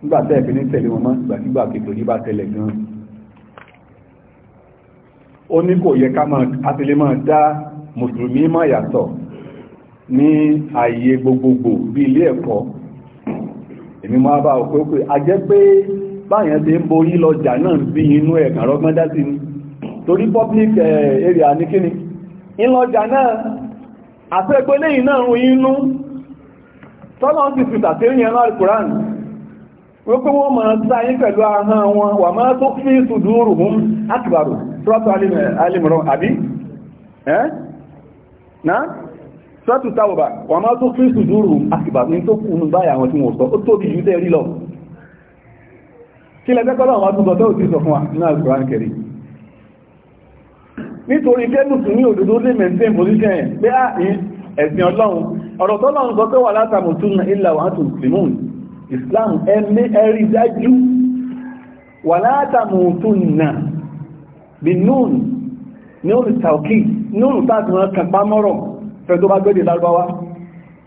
nígbà tẹ́ ẹ̀fẹ́ ní tẹ̀lé wọn mọ́ ìgbàkígbà kìtò yí bá tẹ̀lẹ̀ gan ó ní kò yẹ ká àtìlẹ́ máa dá mùsùlùmí máa yàtọ̀ ní ààyè gbogbogbò bí ilé ẹ̀kọ́ èmi máa bá òpópó a jẹ́ báyẹn ti ń borí lọjà náà bí inú ẹ̀kàn rọgbọ́n dá sí ni torí public eh, area ní náà lẹ́yìn náà rún inú tọ́lọ́n ti fìtà tí wípé wọ́n pẹ̀lú ahọ́n wọn wà máa tó fi eh, àbí eh? na táwọ̀bà wà máa tó fi sùdúrù akìbàrù ní tó kùnú kí lẹ́gbẹ́ kọ́ lọ́wọ́ tó sọ́tọ́ òtí sọ fún wa ní Al-Qur'an Karim nítorí kẹ́lùkù ní òdòdó lè maintain position ẹ̀ pé á ah, ní ẹ̀sìn ọlọ́run ọ̀rọ̀ tọ́lọ́run sọ pé wà látàmù túnmù illa wa antum muslimun Islam ẹni ẹ̀rí dájú wà látàmù túnmù bí nùn ní orí tàùkì nùn tààtì wọn kàn pa mọ́rọ̀ fẹ́ tó bá gbẹ́dẹ̀ lárúbáwá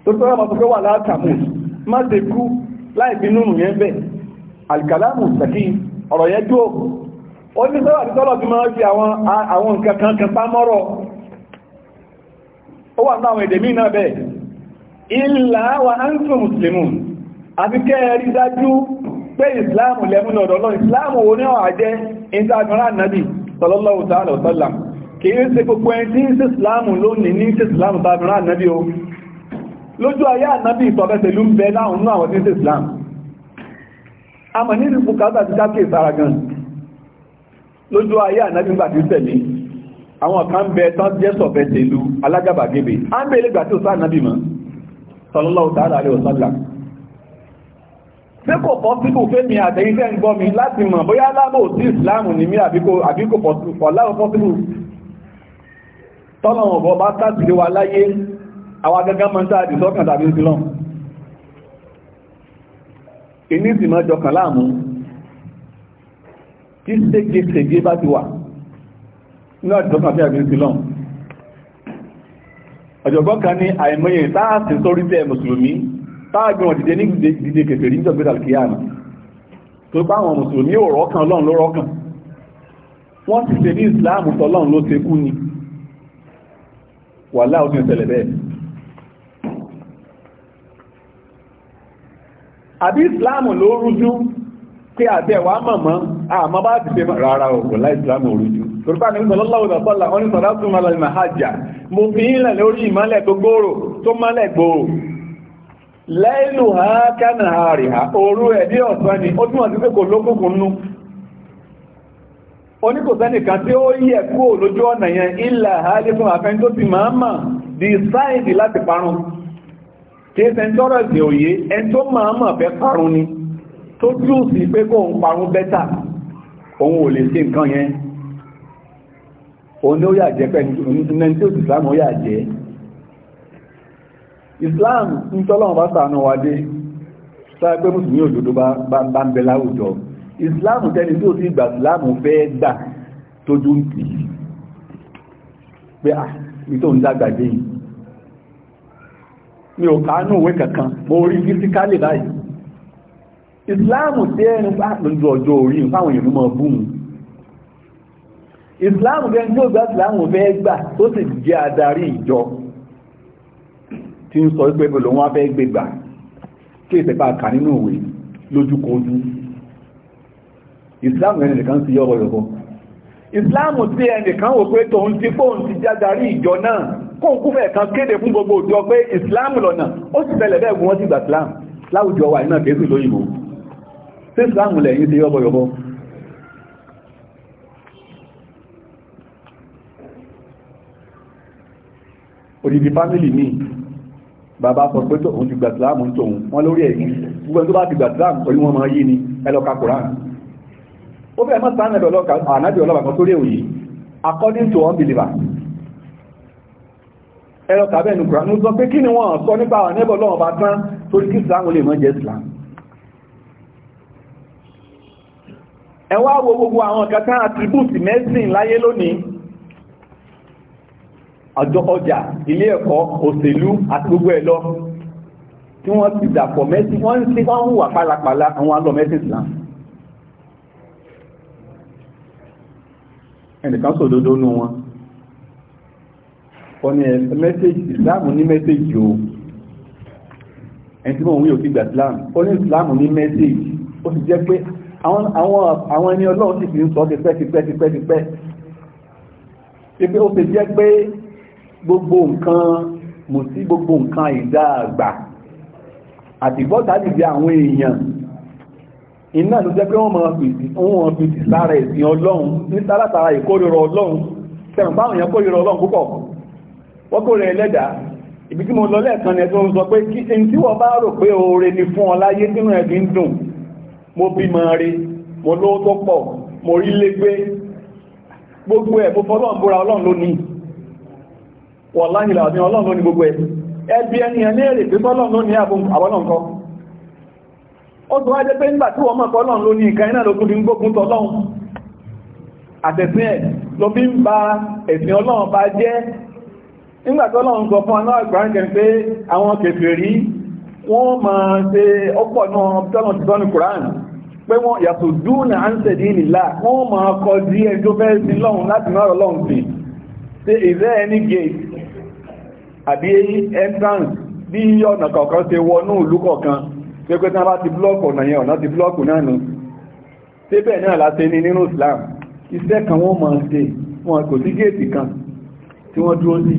tó tọ́lọ́ alkalamu saki ọ̀rọ̀ yẹn tó ó ní sọ́rọ̀ àti sọ́rọ̀ tí máa ń fi àwọn nǹkan kan kan pámọ́rọ̀ ó wà náà èdè míì náà bẹ́ẹ̀ ilá wa á ń sọ mùsùlùmù àti kẹ́ẹ̀rí dájú pé ìsìláàmù lẹ́mú lọ́dọ̀ ìsìláàmù oníwà jẹ́ ìtàgbọ́nrà nàbì sallallahu ta'ala wa sallam kìí ṣe gbogbo ẹni tí ń ṣe ìsìláàmù lónìí ìsìláàmù a mọ̀ nínú bùkátà ti dákè sára gan lójú ayé ànágbígbà tí ó tẹ̀lé àwọn kan bẹ tán jẹ́ sọ̀fẹ́ tèlú alágàbàgebè á ń bèèrè gbà tí ó sáà nábì mọ́ sallallahu ta'ala alaihi wasallam ṣé kò pọ́síbù fẹ́mi àtẹ̀yíṣẹ́ ń gbọ́ mi láti mọ̀ bóyá lábò sí ìsìláàmù ní mí àbí kò èní sì máa jọkàn láàmú tí ségesège bá ti wà ní ọ̀dọ́kàn tí a fi ń sílọ́n ọ̀jọ̀gbọ́n kan ní àìmọye táàsì sórí tẹ́ mùsùlùmí táàgbìn wọn dìde ní dìde kèfèrí ní ọ̀gbẹ́ta kìíyàmù tó bá àwọn mùsùlùmí ò rọ́kàn lọ́n ló rọ́kàn wọ́n sì ṣe ní ìsìláàmù tọ́lọ́n ló ṣe kú ni wàhálà ó ti ń ṣẹlẹ̀ bẹ́ẹ̀ àbí ìsìláàmù ló rújú pé àbẹ̀wà mọ̀mọ́ àmọ́ bá ti fẹ́ rárá òkò láì ìsìláàmù rújú torípa ní ìsọ̀lọ́lọ́wọ́ ìsọ̀lá wọn ni sọ̀rá tún mọ́lá ìmọ̀ hajjá mo fi ilẹ̀ lórí ìmọ́lẹ̀ tó gbòòrò tó mọ́lẹ̀ gbòòrò lẹ́ìlú ha kánà ha rì ha òru ẹ̀ bí ọ̀sán ni ó túnmọ̀ sí pé kò lókùnkùn nú oníkòsẹ́nìkan tí ó yẹ kúrò lójú ọ̀nà yẹn ilẹ̀ ha lé fún àfẹ́ ti máa mọ̀ di sáìdì láti parun kéèsẹ̀ tọ́rọ̀ ìgbẹ̀ òye ẹn tó máa mọ̀ fẹ́ parun ni tó jú sí pé kó ń parun bẹ́tà òun ò lè ṣe nǹkan yẹn òun ni ó yà jẹ́ pẹ̀lú tí ó sì sáàmù ó yà jẹ́ Islam ń tọ́lọ́run bá sàánú wa dé sáré pé mùsùlùmí òdodo Islam tẹ́ni tí ó sì gbà Islam fẹ́ gbà tójú ń tì pé à ah, ní tó ń dàgbà yìí mi ò kánú ìwé kankan mo rí físíkálì báyìí ìsìláàmù tí ẹni bá ah, lójú ọjọ́ orí fáwọn èèyàn mọ́ búùn ìsìláàmù bẹ́ẹ̀ tí ó gbá ìsìláàmù fẹ́ gbà tó sì jẹ́ adarí ìjọ tí ń sọ pé pẹ̀lú wọn fẹ́ gbé gbà kí ìsẹ̀pá kà nínú ìwé lójúkojú ìsìláàmù ẹni nìkan ti yọ́ ọ̀rọ̀ ìsìláàmù tí ẹnìkan wò pé tòun ti fóun ti jádarí ìjọ náà kó ń kéde fún gbogbo òjò pé islam lọ́nà ó sì tẹ́lẹ̀ bẹ́ẹ̀ wọ́n ti gbà islam láwùjọ wà náà kéésì lóyìnbó sí islam lẹ́yìn ti yọ́bọ̀yọ́bọ̀ òdìdí fámílì mi bàbá sọ pé tóun ti gbà islam ń tóun wọn lórí ẹ̀yìn gbogbo tó bá ti gbà islam orí wọn máa yí ni ẹlọ́ka koran ó fẹ́ mọ́ sáà ọlọ́ka ànábẹ̀ according to unbeliever ẹ̀rọ tàbẹ́ nù kùránù sọ pé kí ni wọ́n sọ nípa àwọn ẹbọ̀ lọ́wọ́ bá tán torí kí islam lè mọ́ jẹ́ islam ẹ wá wo gbogbo àwọn kẹta àtìbùtì mẹ́sìn láyé lónìí ọjà ilé ẹ̀kọ́ òṣèlú àti gbogbo ẹ̀ lọ tí wọ́n ti dàpọ̀ mẹ́sìn wọ́n ń sí wọ́n hùwà pálapàla àwọn alọ́ mẹ́sìn islam ẹnìkan sòdodo nù wọn wọ́n ní mẹ́sẹ̀jì islam ní mẹ́sẹ̀jì o ẹni tí wọ́n wí òkè gbà islam wọ́n ní islam ní mẹ́sẹ̀jì ó sì jẹ́ pé àwọn ẹni ọlọ́run sì fi ń sọ tipẹ́tipẹ́tipẹ́ pé ó ti jẹ́ pé gbogbo nǹkan mò sí gbogbo nǹkan ìdá àgbà àtìbọ́ta dìde àwọn èèyàn iná ló jẹ́ pé wọ́n máa fìtì wọ́n fìtì lára ìsìn ọlọ́run ní sálátara ìkórìíra ọlọ́run tẹ̀m̀báwọn èèyàn kórìíra ọlọ́run púpọ̀ wọ́kò rẹ̀ ẹlẹ́dàá ibi tí mo lọ lẹ́ẹ̀kan ẹ̀ tó ń sọ pé kí n tí wọ́n bá rò pé oore ni fún ọ láyé nínú ẹ̀bí ń dùn mo bí rí mo lówó tó pọ̀ mo rí gbogbo ẹ̀ mo fọlọ́n búra ọlọ́run gbogbo ẹ̀ ẹbí ẹni pé fọlọ́run nígbàtọ́lọ́run sọ fún aná àgbàránkẹ́ pé àwọn kèfèrí wọ́n máa ṣe ọ̀pọ̀ náà tọ́nà ti tọ́nù Kùránì pé wọ́n yàtò dúnà à ń tẹ̀dí nìlá wọ́n máa kọ dí ẹjọ́ fẹ́ sí lọ́hun láti mọ́rọ̀ lọ́hun sí ṣe ìrẹ́ ẹni gate àbí entrance bí ọ̀nà kọ̀ọ̀kan ṣe wọnú ìlú kọ̀ọ̀kan pé pé tán bá ti blọ́ọ̀kù ọ̀nà yẹn ọ̀nà ti blọ́ọ̀kù náà nù ṣé bẹ́ẹ̀ náà láti ní nínú Islam iṣẹ́ kan wọ́n máa ṣe wọn kò sí géètì kan tí wọ́n dúró sí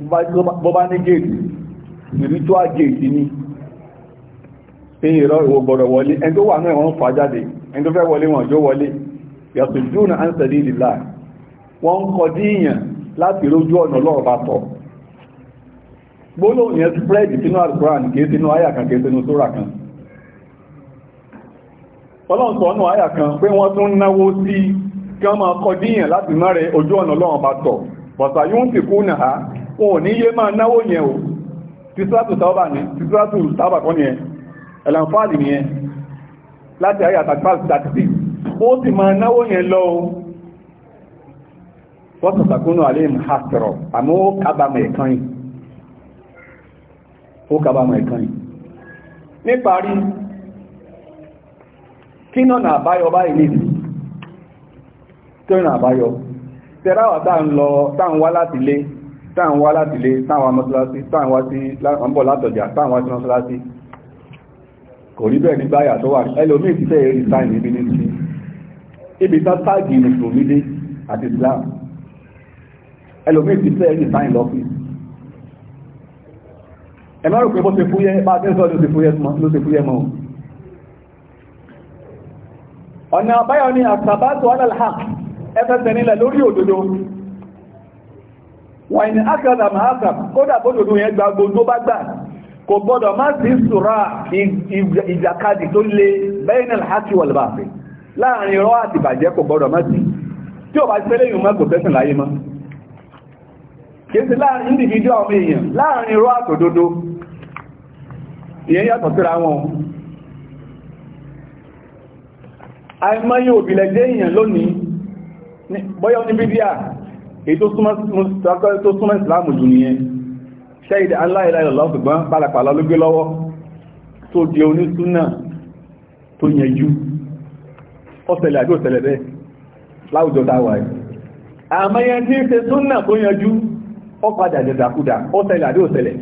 bó bá ní gèèdì spiritual gèèdì ni pé ìrọ ìwò gbọ́dọ̀ wọlé ẹni tó wà náà wọ́n fà jáde ẹni tó fẹ́ wọlé wọn jó wọlé yàtọ̀ júùnà ánsẹ̀lì ìlà wọ́n ń kọ díyàn láti rójú ọ̀nà lọ́rọ̀ bá tọ̀ gbólóhùn yẹn spread sínú alukuran kìí sínú àyà kan kìí sínú sóra kan ọlọ́run sọ ọ́nà wọ́n kọ díyàn láti mọ́rẹ̀ ọ̀nà lọ́rọ̀ bọ̀sà yóò ń sì kú o ò ní yé máa náwó yẹn o tìsírátù tábà ní tìsírátù tábà kọ́ nìyẹn ẹ̀lànfààlì nìyẹn láti ayé àtàkì ó sì máa náwó yẹn lọ o fọ́sọ̀sàkúnnù alẹ́ ìmúhàsọ̀rọ̀ àmọ́ ó ẹ̀kan yìí ó ẹ̀kan yìí níparí kí náà àbáyọ báyìí nìdí tí ó àbáyọ tẹ́ráwà táà ń wá láti lé táwọn wá láti lé táwọn mọ́sálásí táwọn wá sí àmbọ̀ látọ̀jà táwọn wá sí mọ́sálásí kò rí bẹ́ẹ̀ nígbàyà tó wà ẹlòmíì ti fẹ́ rí sáì níbi ní sí ibi tá táàgì mùsùlùmí dé àti Islam ẹlòmíì ti fẹ́ rí sáì lọ́fíìsì ẹ má rò pé bó ṣe fúyẹ́ bá a sọ ló ṣe fúyẹ́ mọ́ ọ̀nà àbáyọ ni àtàbátò alàlhàk ẹfẹsẹ̀ nílẹ̀ lórí òdodo wọ́n ni akada mahaka kódà bódòdó yẹn gba gbogbo bá gbà kò gbọ́dọ̀ má sí sùúrà ìjàkadì tó lè bainal haki wal batil láàrin rọ́ àti bàjẹ́ kò gbọ́dọ̀ má sí tí ó bá ti fẹ́lẹ̀ yìí mọ́ kò tẹ́sìn láyé mọ́ kìí láàrin individual ọmọ èèyàn láàrin rọ́ àtòdodo ìyẹn yàtọ̀ síra wọn àìmọye òbílẹ̀ jẹ́ èèyàn lónìí bọ́yọ́ ní bídíà èyí tó súnmọ́ ìsìláàmù jù nìyẹn ṣẹ́ìdì aláìláìlọ́ ṣùgbọ́n pàlàpàlà ló gbé lọ́wọ́ tó di onísúnà tó yẹjú ọ̀sẹ̀lẹ̀ àbí ọ̀sẹ̀lẹ̀ bẹ́ẹ̀ láwùjọ táwà ẹ̀ àmọ́yẹn tí ṣe súnà tó yẹjú ó padà jẹ̀dàkúdà ọ̀sẹ̀lẹ̀ àbí ọ̀sẹ̀lẹ̀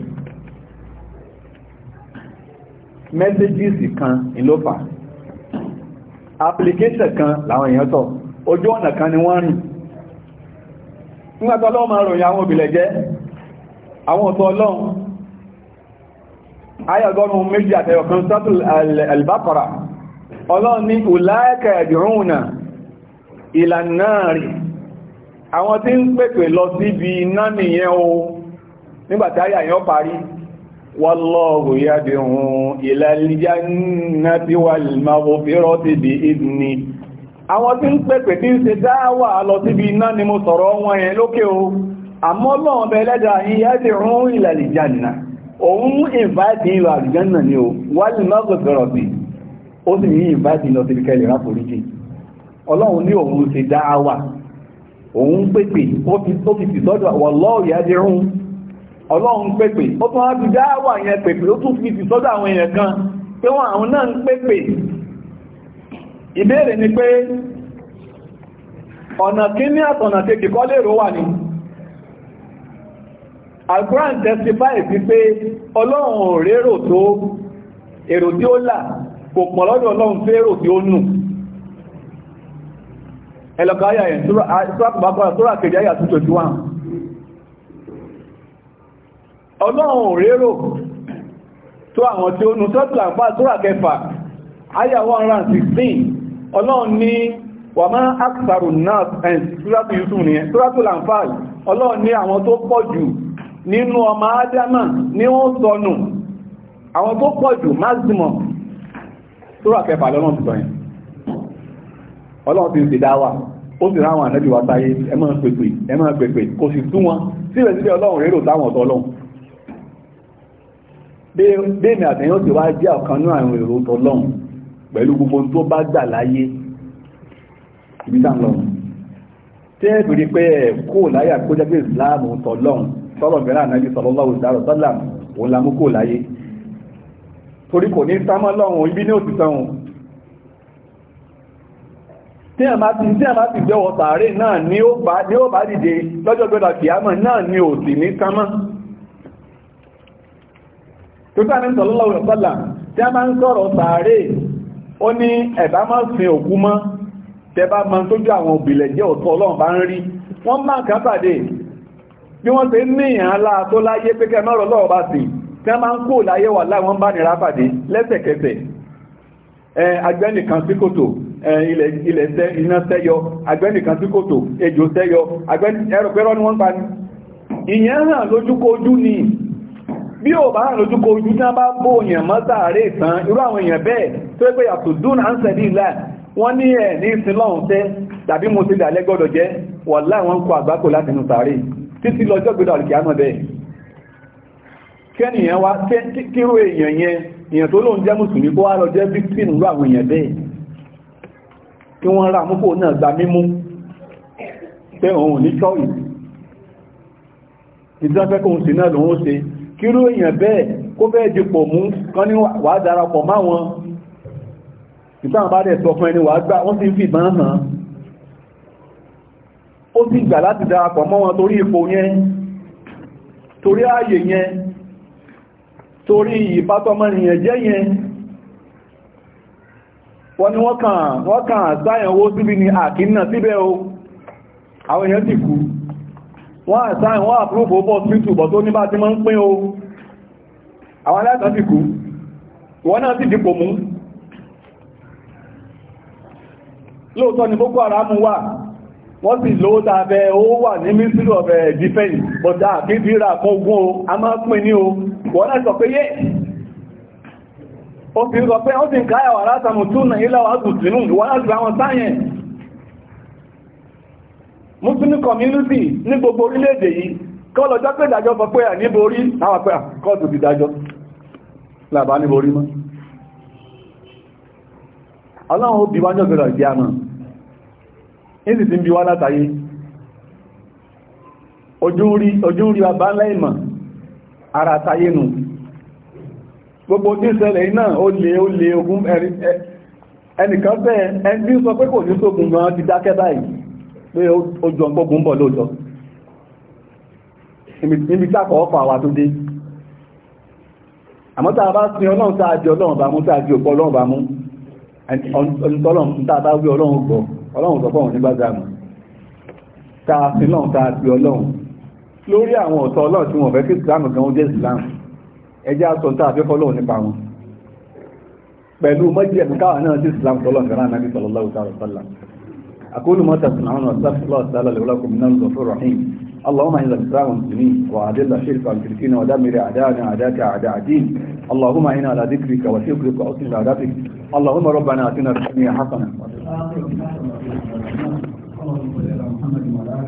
messages kan ìlọ́fà application kan làwọn èèyàn tọ̀ ojú ọ̀nà kan ni wọ́n rìn nígbàtọ́ ọlọ́run máa ròyìn àwọn òbílẹ̀ jẹ́ àwọn ọ̀tọ̀ ọlọ́run ayàgọ́rùn méjì àtẹyọkan sọ́tùl albakara ọlọ́run ní ulaika yad'una ila nari àwọn tí ń pèpè lọ síbi iná nìyẹn o nígbàtí ayà yẹn ila al-jannati wal maghfirati bi idnihi àwọn tí ń pẹ̀pẹ̀ tí ń ṣe dáwà lọ síbi iná ni mo sọ̀rọ̀ wọn yẹn lókè o àmọ́ lọ́wọ́n bẹ lẹ́dà yíyá ti rún ilẹ̀ àlìjánà òun ìnváìtì ìlọ àlìjánà ni o wáyé mọ́gbẹ̀fẹ̀rọ̀ sí ó sì yí ìnváìtì lọ síbi kẹlẹ̀ ráforíjì ọlọ́run ní òun ṣe dáwà òun pẹ̀pẹ̀ ó fi sì sọ́dọ̀ wọ́lọ́ọ̀ yá ti rún ọlọ́run pẹ̀pẹ̀ ó tún wá ti dáwà yẹn pẹ̀pẹ̀ ó tún fi sì sọ́dọ̀ àwọn èèyàn kan pé wọn àwọn náà ń ìbéèrè ni pé ọ̀nà kíní àtọ̀nà tètè kọ́ lèrò wà ní alkuran testify fi pé ọlọ́run ò rérò tó èrò tí ó là kò pọ̀ lọ́dọ̀ ọlọ́run fẹ́rò tí ó nù ẹlọ́kà ayà ẹ̀ sọ́rọ̀ àkèjì ayà tó tòjú wọn ọlọ́run rérò tó àwọn tí ó nù sọ́tù àpá ayà 116 ọlọ́run ní wà máa aksaru nas and suratu yusuf nìyẹn suratu lanfal ọlọ́run ní àwọn tó pọ̀ jù nínú ọmọ ádámà ní wọ́n sọnù àwọn tó pọ̀ jù maximum sura kẹfà lọ́nà ti sọ yẹn ọlọ́run ti ń ṣe dáwà ó sì ráwọn ànábì wa táyé ẹ máa pèpè ẹ máa pèpè kò sì tú wọn síbẹ̀síbẹ̀ ọlọ́run rérò táwọn ọ̀tọ̀ ọlọ́run bẹ́ẹ̀ni àtẹ̀yìn ó sì wá jẹ́ ọ̀kan ní àwọn èrò tọ́lọ́run pẹ̀lú gbogbo tó bá gbà láyé ibi tá lọ tẹ́ẹ̀bìrì pé kó láyà kó jẹ́ pé ìsìláàmù tọ̀lọ́hún tọ́lọ̀ mìíràn ànábì sallallahu alaihi wasallam òun la mú kó láyé torí kò ní sámọ́ lọ́hùn ibi ní òtítọ́ hùn tí a máa ti tí a máa ti jẹ́wọ́ tààrí náà ni ó bá ni ó bá dìde lọ́jọ́ gbọ́dọ̀ kìámọ̀ náà ni ò sì ní sánmọ́ tó bá ní sọ̀lọ́lọ́ ìrọ̀sọ́là tí a máa ń sọ̀rọ̀ tààrí ó ní ẹ̀bá máa sin òkú mọ́ tẹbá máa tójú àwọn òbílẹ̀ jẹ́ ọ̀tọ̀ ọlọ́run bá ń rí wọ́n máa kà pàdé bí wọ́n ti ní ìhànlá tó láyé pé kẹ́ mọ́rọ̀ lọ́wọ́ bá sì tí wọ́n máa ń kó láyé wà láwọn bá nira pàdé lẹ́sẹ̀kẹsẹ̀ agbẹ́nìkan sí kòtò ilẹ̀ tẹ́ agbẹ́nìkan sí kòtò ejò tẹ́yọ ni wọ́n ń pa ní ìyẹn hàn bí o bá rán lójúkọ ojú tí wọ́n bá bó èèyàn mọ́sàárè tán irú àwọn èèyàn bẹ́ẹ̀ tó pé yàtò dún à ń sẹ̀dí ìlà wọ́n ní ẹ̀ ní ìsinlọ́hun tẹ́ tàbí mo ti dàlẹ́ gbọ́dọ̀ jẹ́ wàláhì wọ́n kọ àgbákò láti inú sàárè títí lọ́jọ́ gbọ́dọ̀ àlùkì àmọ́ bẹ́ẹ̀ kẹ́nìyàn wá kíró èèyàn yẹn èèyàn tó lóun jẹ́ mùsùlùmí kó wá lọ jẹ́ victim lọ sí náà lòun ó ṣe kíró èèyàn bẹ́ẹ̀ kó bẹ́ẹ̀ pọ̀ mú kán ní wàá wọn máwọn ìtàn bá dẹ̀ sọ fún ẹni wàá gbà wọ́n sì ń fi ìbọn hàn ó sì gbà láti pọ̀ mọ́ wọn torí ipò yẹn torí ààyè yẹn ni wọ́n kàn sáyẹ̀wó síbi ni àkínà síbẹ̀ o àwọn èèyàn wọ́n àṣáyìn wọ́n àpúrúfò bọ́ títù bọ̀ tó ní bá ti máa ń pín o àwọn aláìsàn ti kú wọ́n náà ti dìpò mú lóòtọ́ ni Boko Haram wà wọ́n sì lówó tàbẹ̀ ó wà ní Ministry of eh, Defence bọ̀dá àkíbí ra kan ogun o a máa pín ní o wọ́n náà sọ pé yé fi ń sọ pé ó sì ń káyàwó alásàmù tún náà muslim community ní gbogbo orílẹ̀-èdè yìí kọ́ lọ ìdájọ́ sọ pé ẹ̀ níbo orí àwọn pẹ́ kọ́ọ̀tù ti dájọ́ mọ́ ọlọ́run ó bí wá jọ́ ti ń bí wá látàyé ojú rí ara nù gbogbo iná ó lè ó lè ogun ẹnìkan ẹni sọ pé kò ní gan pé ó jọ gbógun bọ̀ lóòótọ́ níbi tí àkọ́kọ́ fún àwa tó dé àmọ́ tá a bá sin ọlọ́run tá a di ọlọ́run bá mú tá a di òpó ọlọ́run bá mú ọlọ́run tá a bá wí ọlọ́run gbọ́ ọlọ́run sọ fọ́run nígbà dáàmù tá a sin ọlọ́run tá a di ọlọ́run lórí àwọn ọ̀tọ̀ ọlọ́run tí wọ́n fẹ́ kí ìsìlámù gan ó jẹ́ ìsìlámù ẹjẹ́ àtọ̀ tá a fẹ́ fọ́lọ́run nípa wọn pẹ̀lú mọ́jì ẹ̀mí káwọn náà sí ìsìlámù tọ́lọ́run أقول ما تصنعون وأستغفر الله تعالى لي ولكم من الغفور الرحيم اللهم إذا الإسلام المسلمين وأذل شرك المشركين ودمر أعداءنا أعداءك أعداء الدين اللهم إنا على ذكرك وشكرك وحسن عبادتك اللهم ربنا آتنا في الدنيا حسنة